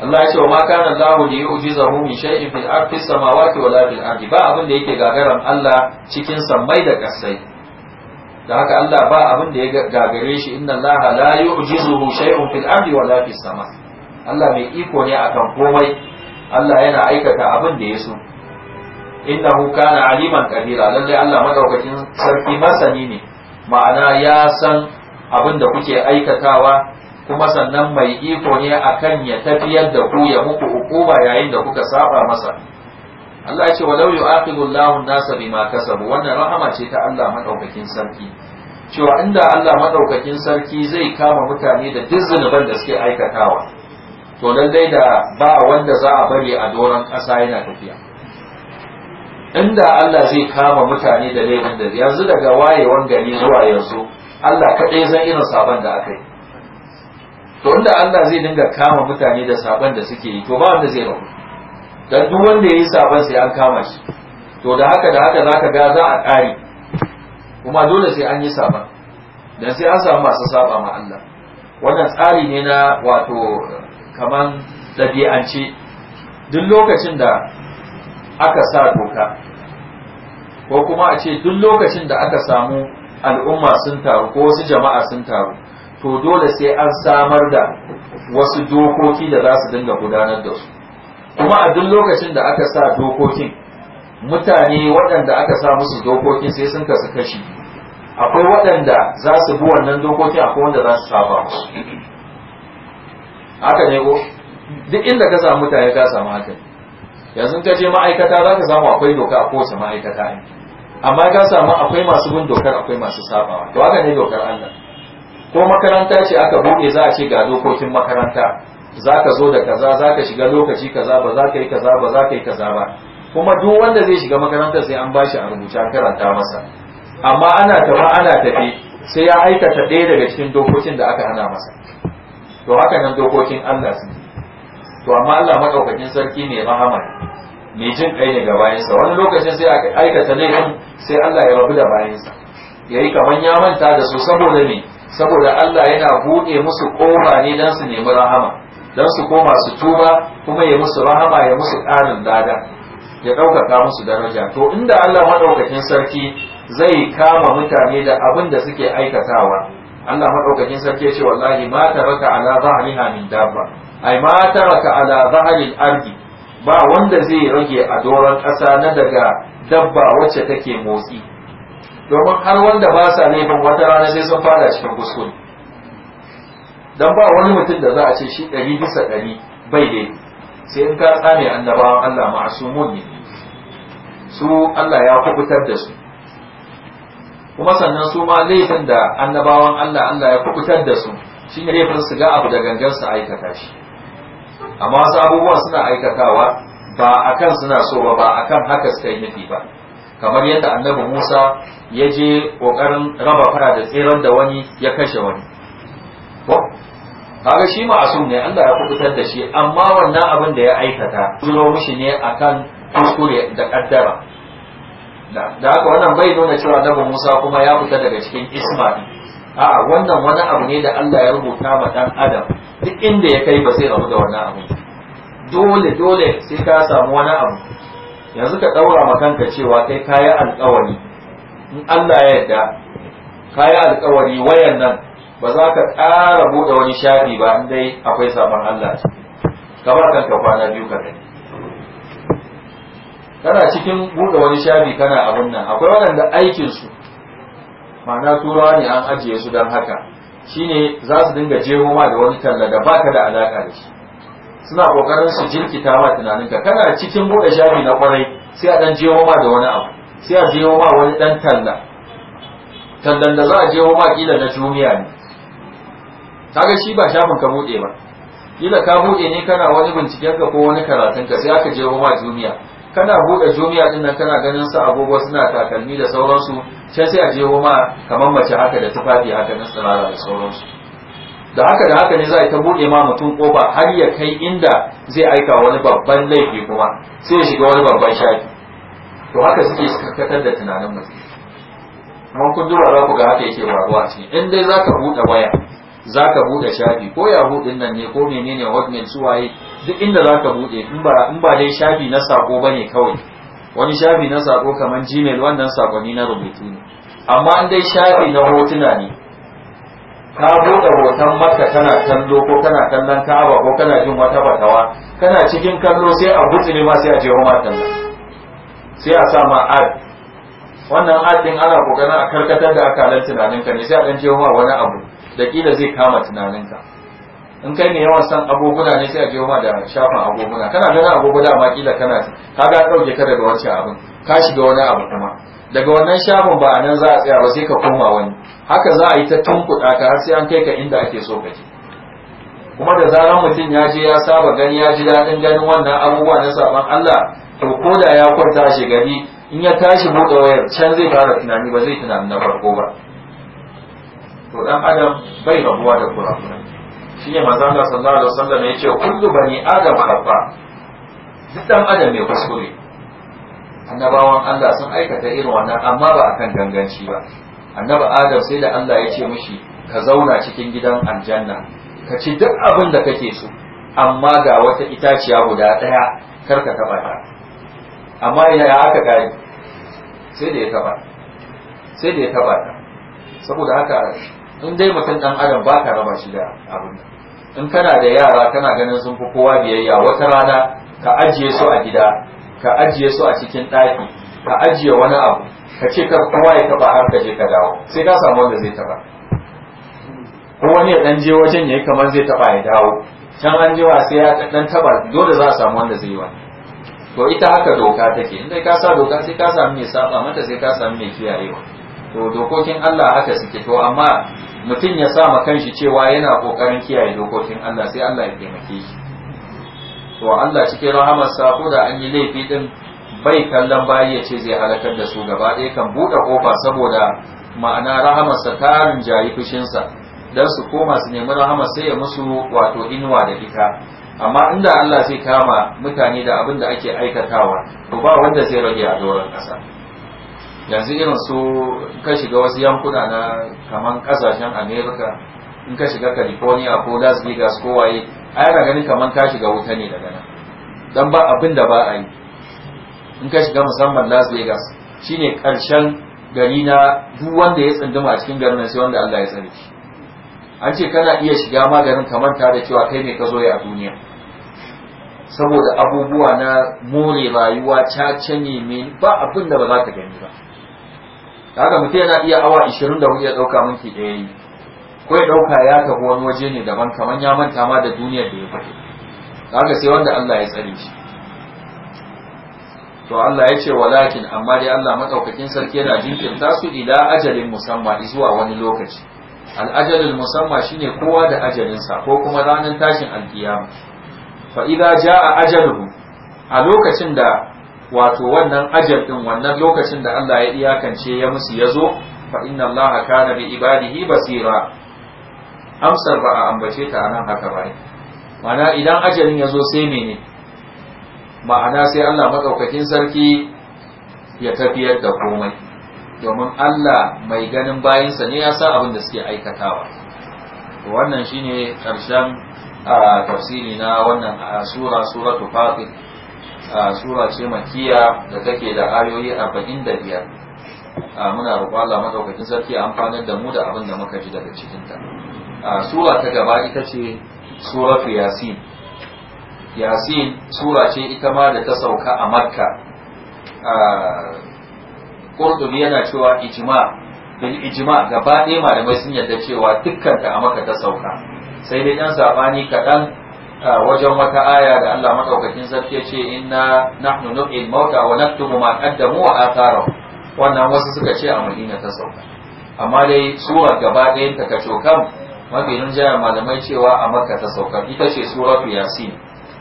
Allah ya ce wa ma kana Allah li yu'jizahu min shay'in fil ardi samawati wala fil ardi ba abin da yake gagaran Allah cikin sammai da kasai da haka Allah ba abin da ya gagare shi inna Allah la yu'jizuhu shay'un fil ardi wala fis sama Allah mai iko ne akan komai Allah yana aikata abin da ya so innahu kana aliman kabira lalle Allah madaukakin sarki masani ne ma'ana ya san abin da kuke aikatawa kuma sannan mai iko ne akan ya tafiyar da ku ya muku hukuma yayin da kuka saba masa Allah ya ce walau yu'aqibu Allahu an-nasa bima kasabu wannan rahama ce ta Allah madaukakin sarki cewa inda Allah madaukakin sarki zai kama mutane da duk zunuban da suke aikatawa to lallai da ba wanda za a bari a doron ƙasa yana tafiya inda Allah zai kama mutane da laifin da yanzu daga wayewan gari zuwa yanzu Allah kaɗai zan irin sabon da aka yi to inda Allah zai dinga kama mutane da sabon da suke yi to ba wanda zai rabu dan duk wanda yayi saban sai an kama shi to da haka da haka zaka ga za a kare kuma dole sai an yi saban dan sai an samu masu saba ma Allah wannan tsari ne na wato kaman dabi'ance duk lokacin da aka sa doka ko kuma a ce duk lokacin da aka samu al'umma sun taru ko wasu jama'a sun taru to dole sai an samar da wasu dokoki da za su dinga gudanar da su kuma a duk lokacin da aka sa dokokin mutane waɗanda aka sa musu dokokin sai sun kasu kashi akwai waɗanda za su bi wannan dokokin akwai wanda za su saba musu haka ne ko duk inda ka samu mutane ka samu haka yanzu ka je ma'aikata za ka samu akwai doka a kowace ma'aikata ne amma ka samu akwai masu bin dokar akwai masu sabawa to haka ne dokar Allah ko makaranta ce aka buɗe za a ce ga dokokin makaranta za ka zo da kaza za ka shiga lokaci kaza ba za ka yi kaza ba za ka yi kaza ba kuma duk wanda zai shiga makarantar sai an bashi a an karanta masa amma ana tafi ana tafi sai ya aikata ɗaya daga cikin dokokin da aka hana masa to haka nan dokokin Allah su to amma Allah maɗaukakin sarki ne rahama mai jin kai ne ga bayansa wani lokacin sai aka aikata laifin sai Allah ya rabu da bayansa yayi kamar ya manta da su saboda me saboda Allah yana buɗe musu ƙofa ne dan su nemi rahama don su koma su tura kuma ya musu rahama ya musu ƙarin dada ya ɗaukaka musu daraja to inda Allah maɗaukakin sarki zai kama mutane da abin da suke aikatawa Allah maɗaukakin sarki ya ce wallahi ma taraka ala zahriha min dabba ai ma taraka ala ardi ba wanda zai rage a doron ƙasa na daga dabba wacce take motsi domin har wanda ba sa laifin wata rana sai sun fara cikin kuskure dan ba wani mutum da za a ce shi ɗari bisa ɗari bai da sai in ka tsane annabawan Allah ma'asumun ne su Allah ya kubutar da su kuma sannan su ma laifin da annabawan Allah Allah ya kubutar da su shi ne laifin su ga abu da gangan su aikata shi amma wasu abubuwan suna aikatawa ba akan suna so ba ba akan haka suka yi nufi ba kamar yadda annabi Musa ya je ƙoƙarin raba fara da tseren da wani ya kashe wani kaga shi ma'asum ne Allah ya kubutar da shi amma wannan abin da ya aikata zuro mushi ne akan kuskure da kaddara da haka wannan bai nuna cewa nabin Musa kuma ya fita daga cikin isma a'a wannan wani abu ne da Allah ya rubuta ma dan adam duk inda ya kai ba sai rabu da wannan abu dole dole sai ka samu wani abu yanzu ka daura ma kanka cewa kai kayi alƙawari in Allah ya yarda kayi alƙawari wayan nan ba za ka ƙara buɗe wani shafi ba in dai akwai sabon Allah kamar kanka kwana biyu ka gani kana cikin buɗe wani shafi kana abun nan akwai waɗanda aikinsu ma'ana turawa ne an ajiye su don haka shine za su dinga jeho ma da wani talla da baka da alaka da shi suna kokarin su jirkita ma tunaninka kana cikin buɗe shafi na kwarai sai a dan jeho ma da wani abu sai a jeho ma wani dan talla tallan da za a jeho ma kila na jumiya ne kaga shi ba shafin ka buɗe ba kila ka buɗe ne kana wani binciken ka ko wani karatun ka sai aka je ma jumiya kana buɗe jumiya din nan kana ganin su agogo suna takalmi da sauransu sai sai a je ma kamar mace haka da tufafi haka na tsirara da sauransu da haka da haka ne za a ta bude ma mutum kofa har ya kai inda zai aika wani babban laifi kuma sai ya shiga wani babban shafi to haka suke karkatar da tunanin mutum kuma kun jura za ku ga haka yake faruwa cikin in dai za ka buɗe waya za ka buɗe shafi ko ya ɗin nan ne ko menene hotmail suwaye duk inda za ka buɗe in ba dai shafi na sako ba ne kawai wani shafi na sako kamar gmail wannan sakonni na rubutu ne amma in dai shafi na hotuna ne ka buɗe hoton maka kana kallo ko kana kallon ka'aba ko kana jin wata batawa kana cikin kallo sai a ne ma sai a je ma kallon sai a sa ma ad wannan ad din ana kokarin a karkatar da akalan tunaninka ne sai a ɗan jeho ma wani abu da kila zai kama tunaninka in kai ne yawan san agoguna ne sai a da shafin agoguna kana ganin da ma kila kana ka ga dauke ka daga wancan abin ka shiga wani abu kuma daga wannan shafin ba a nan za a tsaya ba sai ka koma wani haka za a yi ta tunkuɗa ka har sai an kai ka inda ake so ka je kuma da zarar mutum ya je ya saba gani ya ji dadin ganin wannan abubuwa na saban Allah to ko da ya kwanta shi gari in ya tashi buɗe wayar can zai fara tunani ba zai tunani na farko ba to dan adam bai rabuwa da kurakurai shi ne maza Allah sallallahu alaihi wasallam ya ce kullu bani adam khata duk dan adam mai kuskure annabawan Allah sun aikata irin wannan amma ba akan ganganci ba annabi adam sai da Allah ya ce mishi ka zauna cikin gidan aljanna ka ci duk abin da kake so amma ga wata itaciya guda ɗaya kar ka taɓa ta amma ya aka kai sai da ya taɓa sai da ya taɓa ta saboda haka in dai mutum dan adam ba ka raba shi da abin in kana da yara kana ganin sun fi kowa biyayya wata rana ka ajiye su a gida ka ajiye su a cikin ɗaki ka ajiye wani abu ka ce kar kowa ya taba har ka je ka dawo sai ka samu wanda zai taba ko wani ya dan je wajen yayi kamar zai taba ya dawo can an jiwa sai ya dan taba dole za a samu wanda zai yi wani to ita haka doka take in dai ka sa doka sai ka samu mai saba mata sai ka samu mai kiyayewa to dokokin Allah haka suke to amma mutum ya sa ma shi cewa yana kokarin kiyaye dokokin Allah sai Allah ya taimake shi to Allah cikin rahamarsa ko da an yi laifi din bai kallon bayi ya ce zai halakar da su gaba ɗaya kan buɗe kofa saboda ma'ana rahamarsa ta rinjayi fushinsa don su koma su nemi rahamar sai ya musu wato inuwa da ita amma inda Allah zai kama mutane da abin da ake aikatawa to ba wanda zai rage a doron ƙasa yanzu irin su ka shiga wasu yankuna na kaman kasashen Amerika, in ka shiga california ko las vegas ko waye a yana ganin kaman ka shiga wuta ne daga nan don ba abin da ba a yi in ka shiga musamman las vegas shine karshen gari na duk wanda ya tsunduma a cikin garin sai wanda allah ya tsare shi an ce kana iya shiga maganin kamar ta da cewa kai ne ka zo ya a duniya saboda abubuwa na more rayuwa caca ne ba abin da ba za ka gani ba haka mutum yana iya awa da hudu ya dauka minti da yi. ko ya dauka ya tafi wani waje ne daban kaman ya manta ma da duniyar da ya fito haka sai wanda Allah ya tsare shi to Allah ya ce walakin amma dai Allah madaukakin sarki yana jinkirta su ila ajalin musamma zuwa wani lokaci al'ajalin musamma shine kowa da ajalinsa ko kuma ranar tashin alkiyama fa idza jaa ajaluhu a lokacin da wato wannan ajal din wannan lokacin da Allah ya iyakance ya musu ya zo fa inna Allah kana bi ibadihi basira amsar ba a ambace ta nan haka ba ne. ma'ana idan ajalin ya zo sai mene ma'ana sai Allah madaukakin sarki ya tafiyar da komai domin Allah mai ganin bayansa ne ya sa abin da suke aikatawa wannan shine karshen tafsiri na wannan sura suratul fatir sura ce makiya da take da ayoyi arba'in da biyar muna roƙon Allah madaukakin sarki a amfanar da mu da abin da muka ji daga cikinta sura ta gaba ita ce suratu yasin yasin sura ce ita ma da ta sauka a makka ƙurɗubi yana cewa ijma bil ijma gaba ɗaya malamai sun yarda cewa dukkan ta a makka ta sauka sai dai ɗan saɓani kaɗan A wajen wata aya da Allah madaukakin sarki ya ce inna nahnu nuhil mauta wa naktubu ma qaddamu wa atharu wannan wasu suka ce a Madina ta sauka amma dai surar gaba ɗayan ta kaco kan. mabiyin jaya malamai cewa a Makka ta sauka ita ce suratu Yasin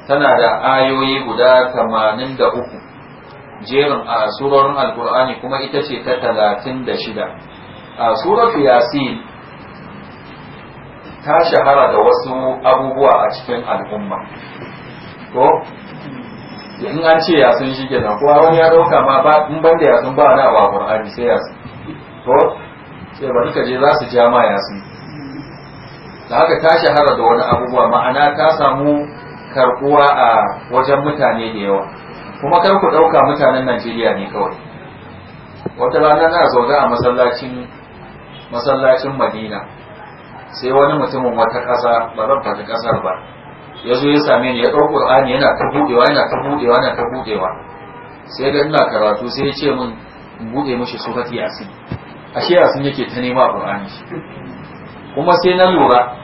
tana da ayoyi guda 83 jerin a surorin Alkur'ani kuma ita ce ta 36 a suratu Yasin ta shahara da wasu abubuwa a cikin al'umma ko in an ce yasun shi kenan wani ya dauka ma ba in ban da sun ba na ba qur'ani sai yasun ko sai bari ka je za su ja ma yasun da haka ta shahara da wani abubuwa ma'ana ta samu karkuwa a wajen mutane da yawa kuma kar ku ɗauka mutanen Najeriya ne kawai wata rana na zaune a masallacin masallacin Madina sai wani mutumin wata ƙasa ba zan fata ƙasar ba ya zo ya same ni ya ɗau Kur'ani yana ta buɗewa yana ta buɗewa yana ta buɗewa sai ga ina karatu sai ya ce min in buɗe mishi surat yasin ashe yasin yake ta nema ƙur'ani kuma sai na lura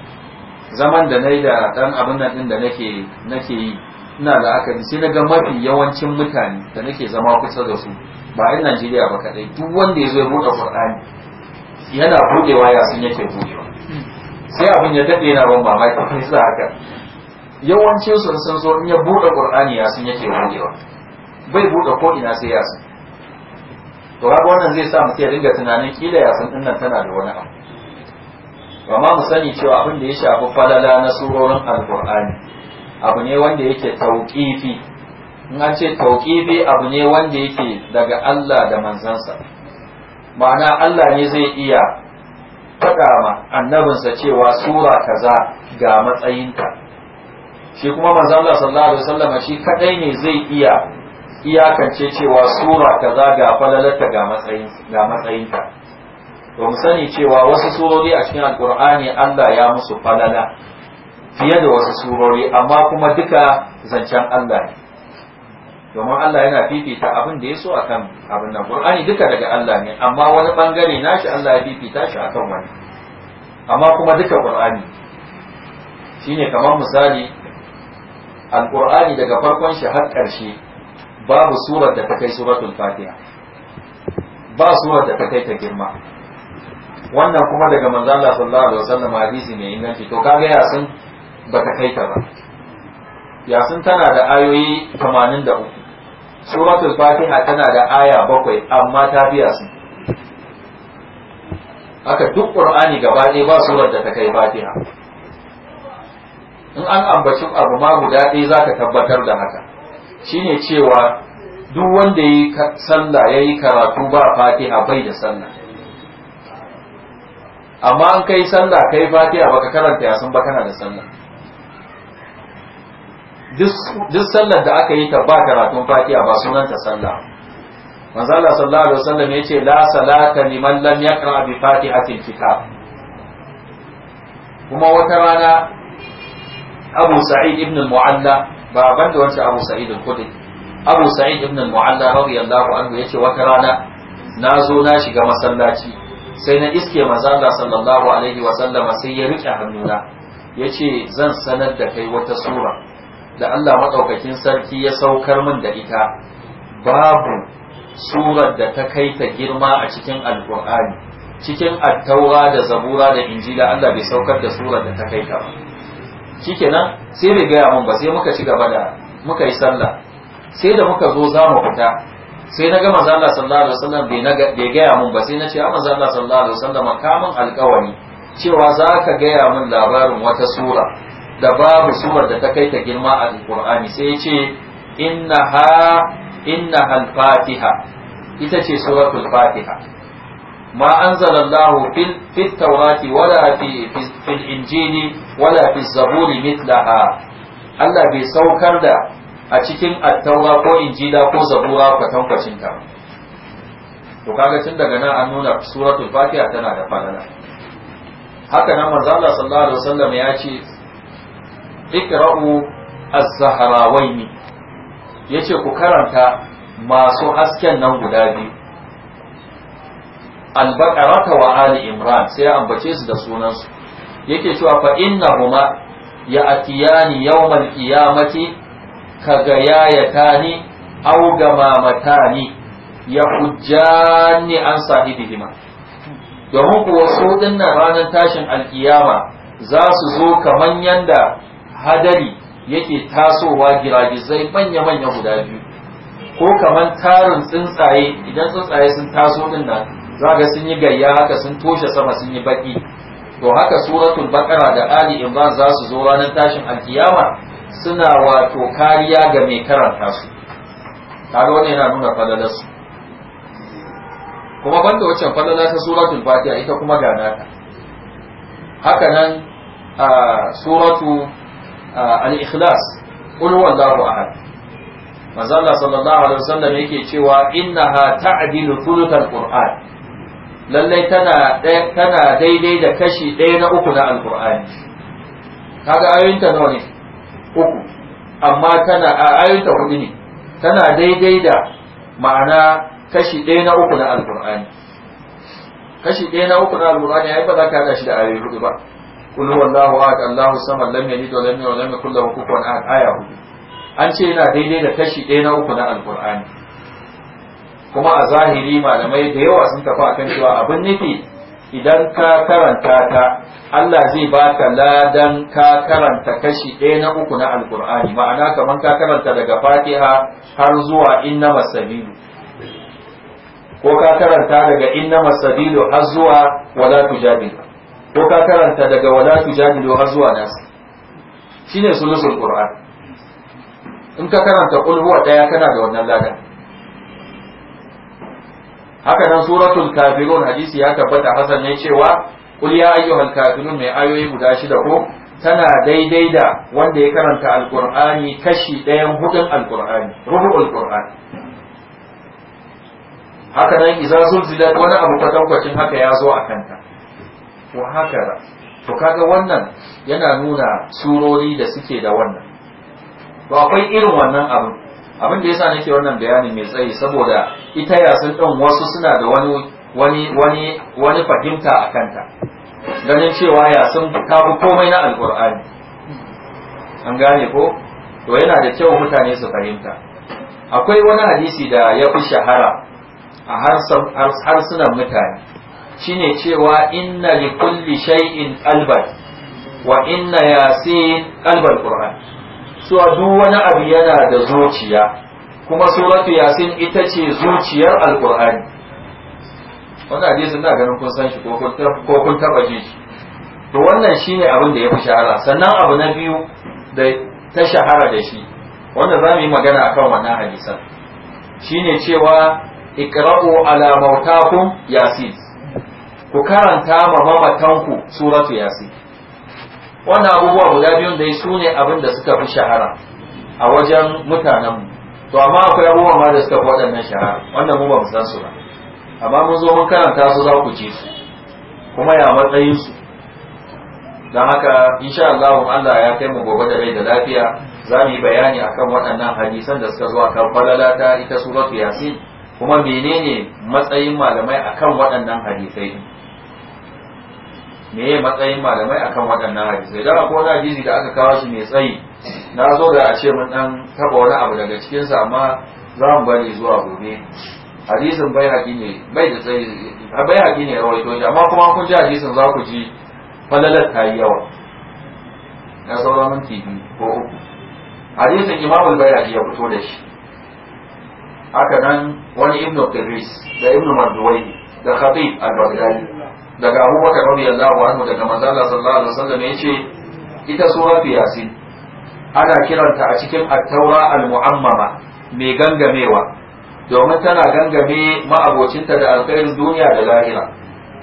zaman da na yi da ɗan abin nan ɗin da nake nake yi ina da sai na ga mafi yawancin mutane da nake zama kusa da su ba a Najeriya ba kaɗai duk wanda ya zo ya buɗe ƙur'ani yana buɗewa yasin yake buɗe sai abin ya daɗe na ban mamaki *laughs* ne sa haka yawancin sun sun so in ya buɗe qur'ani ya san yake buɗewa bai buɗe ko ina sai ya san to ga wannan zai sa mutum ya dinga tunanin kila ya san dinnan tana da wani abu amma mu sani cewa abin da ya shafi falala na surorin alqur'ani abu ne wanda yake tauqifi in an ce tauqifi abu ne wanda yake daga Allah da manzansa ma'ana Allah ne zai iya faɗa ma annabinsa cewa sura kaza ga matsayinta shi kuma manzon Allah sallallahu alaihi wasallam shi kadai ne zai iya iyakance cewa sura kaza ga falalarta ga matsayin ga matsayinta to mu sani cewa wasu surori a cikin alqur'ani Allah ya musu falala fiye da wasu surori amma kuma duka zancen Allah ne domin Allah yana fifita abin da ya so akan abin nan Qur'ani duka daga Allah ne amma wani bangare nashi Allah ya fifita shi akan wani amma kuma duka Qur'ani shine kamar misali Al-Qur'ani daga farkon shi har ƙarshe babu surar da ta kai suratul Fatiha ba surar da ta kai ta girma wannan kuma daga manzo Allah sallallahu alaihi wasallam hadisi inganci to kaga ya sun bata kai ta ba ya sun tana da ayoyi 83 suratul fatiha tana da aya bakwai amma ta biya su haka duk qur'ani gaba ɗaya ba surar da ta kai fatiha in an ambaci abu ma guda ɗaya za ka tabbatar da haka shine cewa duk wanda ya yi sallah ya yi karatu ba fatiha bai da sallah amma an kai sallah kai fatiha baka karanta san ba kana da sallah duk sallar da aka yi ta ba karatun fatiha ba sunan ta sallah manzo Allah sallallahu alaihi wasallam ce la salata liman lam yaqra bi fatihatil kitab kuma wata rana Abu Sa'id ibn al-Mu'alla baban da wancan Abu Sa'id al-Khudri Abu Sa'id ibn al-Mu'alla radiyallahu anhu yace wata rana na zo na shiga masallaci sai na iske manzo Allah sallallahu alaihi wasallam sai ya rike hannuna yace zan sanar da kai wata sura da Allah maɗaukakin sarki ya saukar min da ita babu surar da ta kai ta girma a cikin alkur'ani cikin attaura da zabura da injila Allah bai saukar da surar da ta kai ta ba nan sai bai gaya mun ba sai muka ci gaba da muka yi sallah sai da muka zo za mu fita sai na ga manzo Allah sallallahu alaihi wasallam bai gaya mun ba sai na ce manzo Allah sallallahu alaihi wasallam kamun alƙawari cewa za ka gaya mun labarin wata sura da babu suwar da ta kai ta girma a alqur'ani sai ya ce innaha innaha fatiha ita ce suratul fatiha Ma أنزل الله في, في التوراة wala fi في, في الإنجيل ولا في الزبور Allah bai saukar da a cikin attaura ko injila ko zabura kwatankwacin ta to kaga tun daga nan an nuna suratul fatiha tana da falala haka nan manzo Allah sallallahu alaihi wasallam ya ce ikra'u az ne yace ku karanta masu hasken nan guda biyu al-baqara wa ali imran sai ambace su da sunan su yake cewa fa innahuma atiyani yawmal qiyamati kagayayatani aw gamamatani hujjani an sahibihima domin kuwa wasu dinnan ranar tashin alkiyama za su zo kaman yanda hadari yake tasowa giragizai manya-manya guda biyu ko kamar tarin tsuntsaye idan tsuntsaye sun taso din nan za ga sun yi gayya haka sun toshe sama sun yi baki to haka suratul baqara da ali imran za su zo ranar tashin alkiyama suna wato kariya ga mai karanta su kaga wannan yana nuna falalar su kuma banda waccan falala ta suratul fatiha ita kuma ga naka haka nan a suratu al-ikhlas qul huwallahu ahad manzo sallallahu alaihi wasallam yake cewa inna innaha ta'dilu thuluthal qur'an lallai tana tana daidai da kashi ɗaya na uku na alqur'ani kaga ayoyinta nawa ne uku amma tana ayoyinta hudu ne tana daidai da ma'ana kashi ɗaya na uku na alqur'ani kashi ɗaya na uku na alqur'ani ai ba za ka hada shi da ayoyi hudu ba kullu wallahu ahad allahu samad lam yalid wa lam yulad wa lam yakul ahad aya hudu an ce yana daidai da kashi ɗaya na uku na alqur'ani kuma a zahiri malamai da yawa sun tafi akan cewa abin nufi idan ka karanta ta Allah zai baka ladan ka karanta kashi ɗaya na uku na alqur'ani ma'ana kamar ka karanta daga fatiha har zuwa inna masabilu ko ka karanta daga inna masabilu har zuwa wala tujadil ko ka karanta daga wala tujadilu har zuwa nas shine sulusul qur'an in ka karanta qul ɗaya kana da wannan lada haka nan suratul kafirun hadisi ya tabbata hasan ne cewa qul ya ayyuhal kafirun mai ayoyi guda shida ko tana daidai da wanda ya karanta alkur'ani kashi ɗayan hudun alkur'ani rubu alkur'ani haka nan iza zulzila wani abu kwatankwacin haka ya zo a kanta wa haka to kaga wannan yana nuna surori da suke da wannan to akwai irin wannan abin abin da yasa nake wannan bayani mai tsayi saboda ita ya sun ɗin wasu suna da wani wani wani wani fahimta a kanta ganin cewa ya sun fi komai na alƙur'ani an gane ko to yana da kyau mutane su fahimta akwai wani hadisi da ya fi shahara a harsunan mutane shine cewa inna li kulli shay'in qalban wa inna yasin qalbal qur'an so duk wani abu yana da zuciya kuma suratu yasin ita ce zuciyar alqur'ani wannan hadisin na ganin kun san shi ko kun taba ji shi to wannan shine abin da ya fi shahara sannan abu na biyu da ta shahara da shi wanda za mu yi magana akan wannan hadisan shine cewa iqra'u ala mautakum yasin ku karanta ma mamatanku suratu yasin wannan abubuwa guda biyun dai su ne abin da suka fi shahara a wajen mutanenmu to amma akwai abubuwa ma da suka fi waɗannan shahara wannan mu ba mu san su ba amma mun zo mun karanta su za ku ce su kuma ya matsayin su don haka insha Allah Allah ya kai mu gobe da rai da lafiya za mu yi bayani akan waɗannan hadisan da suka zo a kan ta ita suratu yasin kuma menene matsayin malamai akan waɗannan hadisai Me ya matsayin malamai akan waɗannan hadisai don akwai wani hadisi da aka kawo shi mai tsayi na zo da a ce mun dan taba wani abu daga cikinsa amma za mu bari zuwa gobe hadisin bai haƙi ne bai da tsayi bai haƙi ne rawaito shi amma kuma kun ji hadisin za ku ji falalar ta yi yawa na sauran minti biyu ko uku hadisin imamu bai haƙi ya fito da shi haka nan wani ibnu qirris da ibnu marduwai da khatib al-baghdadi daga abubakar allahu anhu daga manzo sallallahu alaihi wasallam yace ita surafiyasi, yasin ana kiranta a cikin at-taura al-mu'ammama mai gangamewa domin tana gangame ma'abocinta da alkhairin duniya da lahira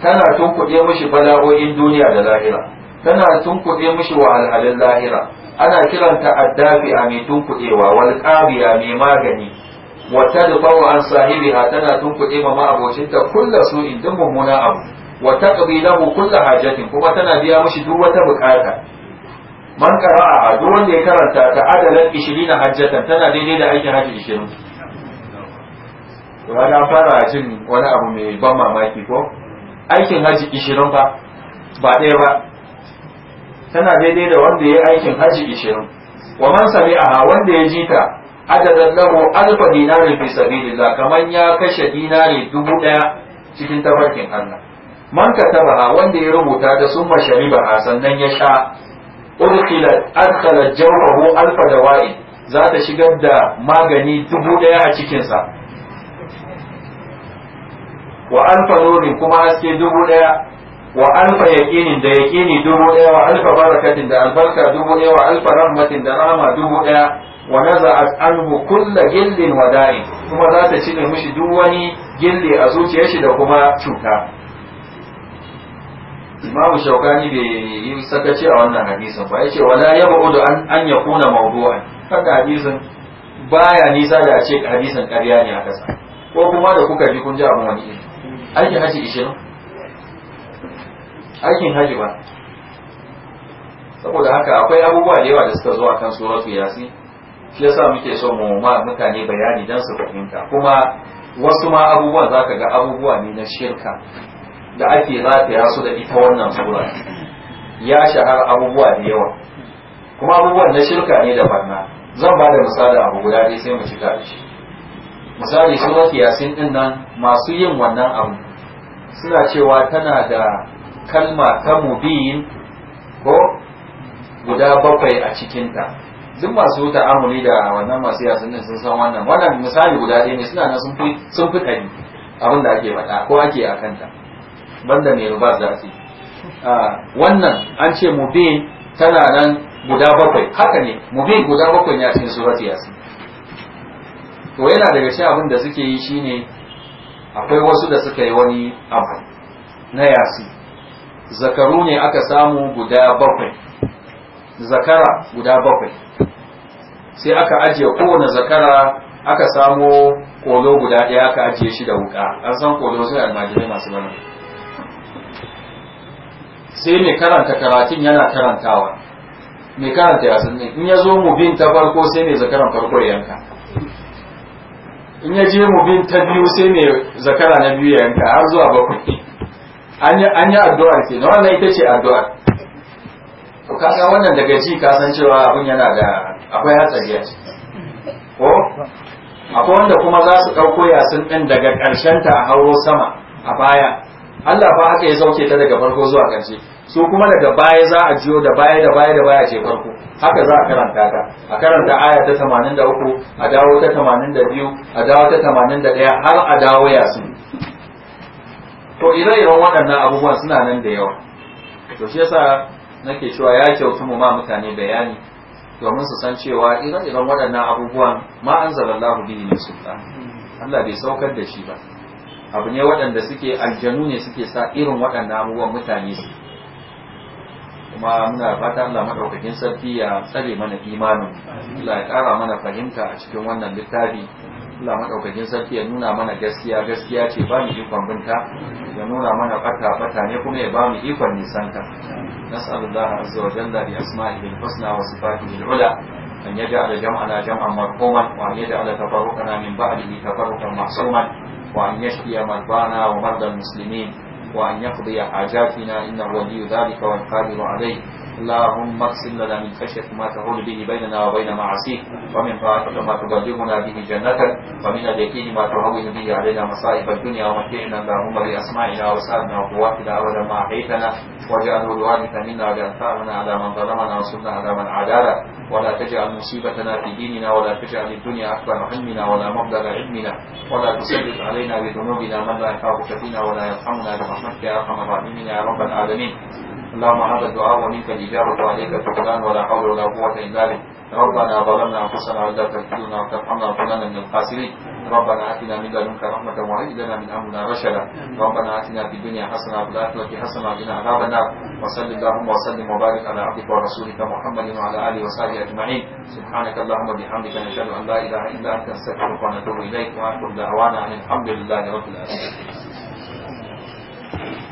tana tunkuɗe mishi bala'o'in duniya da lahira tana tunkuɗe mishi wahalhalin lahira ana kiranta addafi'a mai tunkuɗewa wal qabiya mai magani wata da an sahibiha tana tunkuɗe ma ma'abocinta kulla su'in duk mummunan abu wa taqdi lahu kullu hajatin kuma tana biya mishi duk wata bukata man qara'a duk wanda ya karanta ta adalan 20 hajjatan tana daidai da aikin haji 20 to ana fara jin wani abu mai ban mamaki ko aikin haji 20 ba ba ɗaya ba tana daidai da wanda ya aikin haji 20 wa man sami'aha wanda ya jita ta adadan lahu alfa dinarin fi sabilillah kaman ya kashe dinari dubu daya cikin tabarkin Allah man katabaha wanda ya rubuta da sun masharibaha sannan ya sha urkila adkhala jawhahu alfa dawa'i za ta shigar da magani dubu daya a cikinsa wa alfa nurin kuma haske dubu daya wa alfa yaqinin da yaqini dubu daya wa alfa barakatin da albarka dubu daya wa alfa rahmatin da rahma dubu daya wa naza'at anhu kullu gillin wa da'in kuma za ta cire mishi duk wani gilli a zuciyar shi da kuma cuta imamu shaukani bai yi sakaci a wannan hadisin ba ya ce wala ya ba'udu an ya kuna mawdu'an haka hadisin baya nisa da a ce hadisin ƙarya ne a ƙasa ko kuma da kuka ji kun ji abin wani iri aikin haji ishirin aikin haji ba saboda haka akwai abubuwa da yawa da suka zo a kan suratu yasi shi yasa muke so mu ma mutane bayani dan su fahimta kuma wasu ma abubuwan zaka ga abubuwa ne na shirka da ake rataya su da ita wannan sura ya shahara abubuwa da yawa kuma abubuwan na shirka ne da barna zan ba da misali abu guda dai sai mu shiga da shi misali surat yasin din nan masu yin wannan abu suna cewa tana da kalma ta mubin ko guda bakwai a cikinta duk masu ta'amuli da wannan masu yasin din sun san wannan wannan misali guda ɗaya ne suna nan sun fi ɗari abin da ake faɗa ko ake a kanta banda mai ba zafi ah, wannan an ce mubin tana nan guda bakwai haka ne mubin guda bakwai ne a cikin surat yasin to yana daga cikin abin da suke yi shine akwai wasu da suka yi wani abu na yasi zakaru ne aka samu guda bakwai zakara guda bakwai sai aka ajiye kowane zakara aka samo kolo guda ɗaya aka ajiye shi da wuka an san kolo sai almajirai masu bana sai mai karanta karatun yana karantawa mai karanta ya ne in ya zo mu bin ta farko sai mai zakaran farko yanka in ya je mu bin ta biyu sai mai zakara na biyu yanka har zuwa bakwai an yi addu'ar ke na wannan ita ce addu'ar to kasa wannan daga ji ka san cewa abin yana da akwai hatsari a ciki ko akwai wanda kuma za su ɗauko yasin ɗin daga ƙarshen ta a hauro sama a baya Allah fa haka ya sauke ta daga farko zuwa ƙarshe su kuma daga baya za a jiyo da baya da baya da baya ce farko haka za a karanta ta a karanta aya ta 83 a dawo ta 82 a dawo ta 81 har a dawo yasin to ire-iren waɗannan abubuwan suna nan da yawa to shi yasa nake cewa ya kyautu mu ma mutane bayani domin su san cewa ire-iren waɗannan abubuwan ma an zalallahu bihi min sultan Allah bai saukar da shi ba abu ne waɗanda suke aljanu ne suke sa irin waɗanda abubuwan mutane su kuma muna fata Allah madaukakin sarki ya tsare mana imanin Allah ya ƙara mana fahimta a cikin wannan littafi Allah madaukakin sarki ya nuna mana gaskiya gaskiya ce ba mu ikon binta ya nuna mana fata fata ne kuma ya ba mu ikon nisanta nas'alullah azza wa jalla bi asma'ihi husna wa sifatihi al-ula أن يجعل جمعنا جمعا مرحوما وأن يجعل تفرقنا من بعده تفرقا معصوما وأن يشفي مرضانا ومرضى المسلمين وأن يقضي حاجاتنا إنه ولي ذلك والقادر عليه اللهم اقسم لنا من خشيتك ما تحول به بيننا وبين معاصيك ومن طاعتك ما تبلغنا به جنتك ومن اليقين ما تهون به علينا مصائب الدنيا ومتعنا اللهم باسماعنا وسامنا وقواتنا ابدا ما احييتنا واجعله الوارث منا واجعل ثارنا على من ظلمنا وانصرنا على من عادانا ولا تجعل مصيبتنا في ديننا ولا تجعل الدنيا اكبر همنا ولا مبلغ علمنا ولا تسلط علينا بذنوبنا من لا يخافك فينا ولا يرحمنا برحمتك يا ارحم الراحمين يا رب العالمين اللهم هذا الدعاء ومنك الإجابة وعليك الفقدان ولا حول ولا قوة إلا بك ربنا ظلمنا أنفسنا وإن لا تغفر لنا وترحمنا وكنا من الخاسرين ربنا آتنا من لدنك رحمة وهب لنا من أمرنا رشدا ربنا آتنا في الدنيا حسنة وفي الآخرة حسنة وقنا عذاب النار وصل اللهم وسلم وبارك على عبدك ورسولك محمد وعلى آله وصحبه أجمعين سبحانك اللهم وبحمدك نشهد أن لا إله إلا أنت نستغفرك ونتوب إليك وآخر دعوانا أن الحمد لله رب العالمين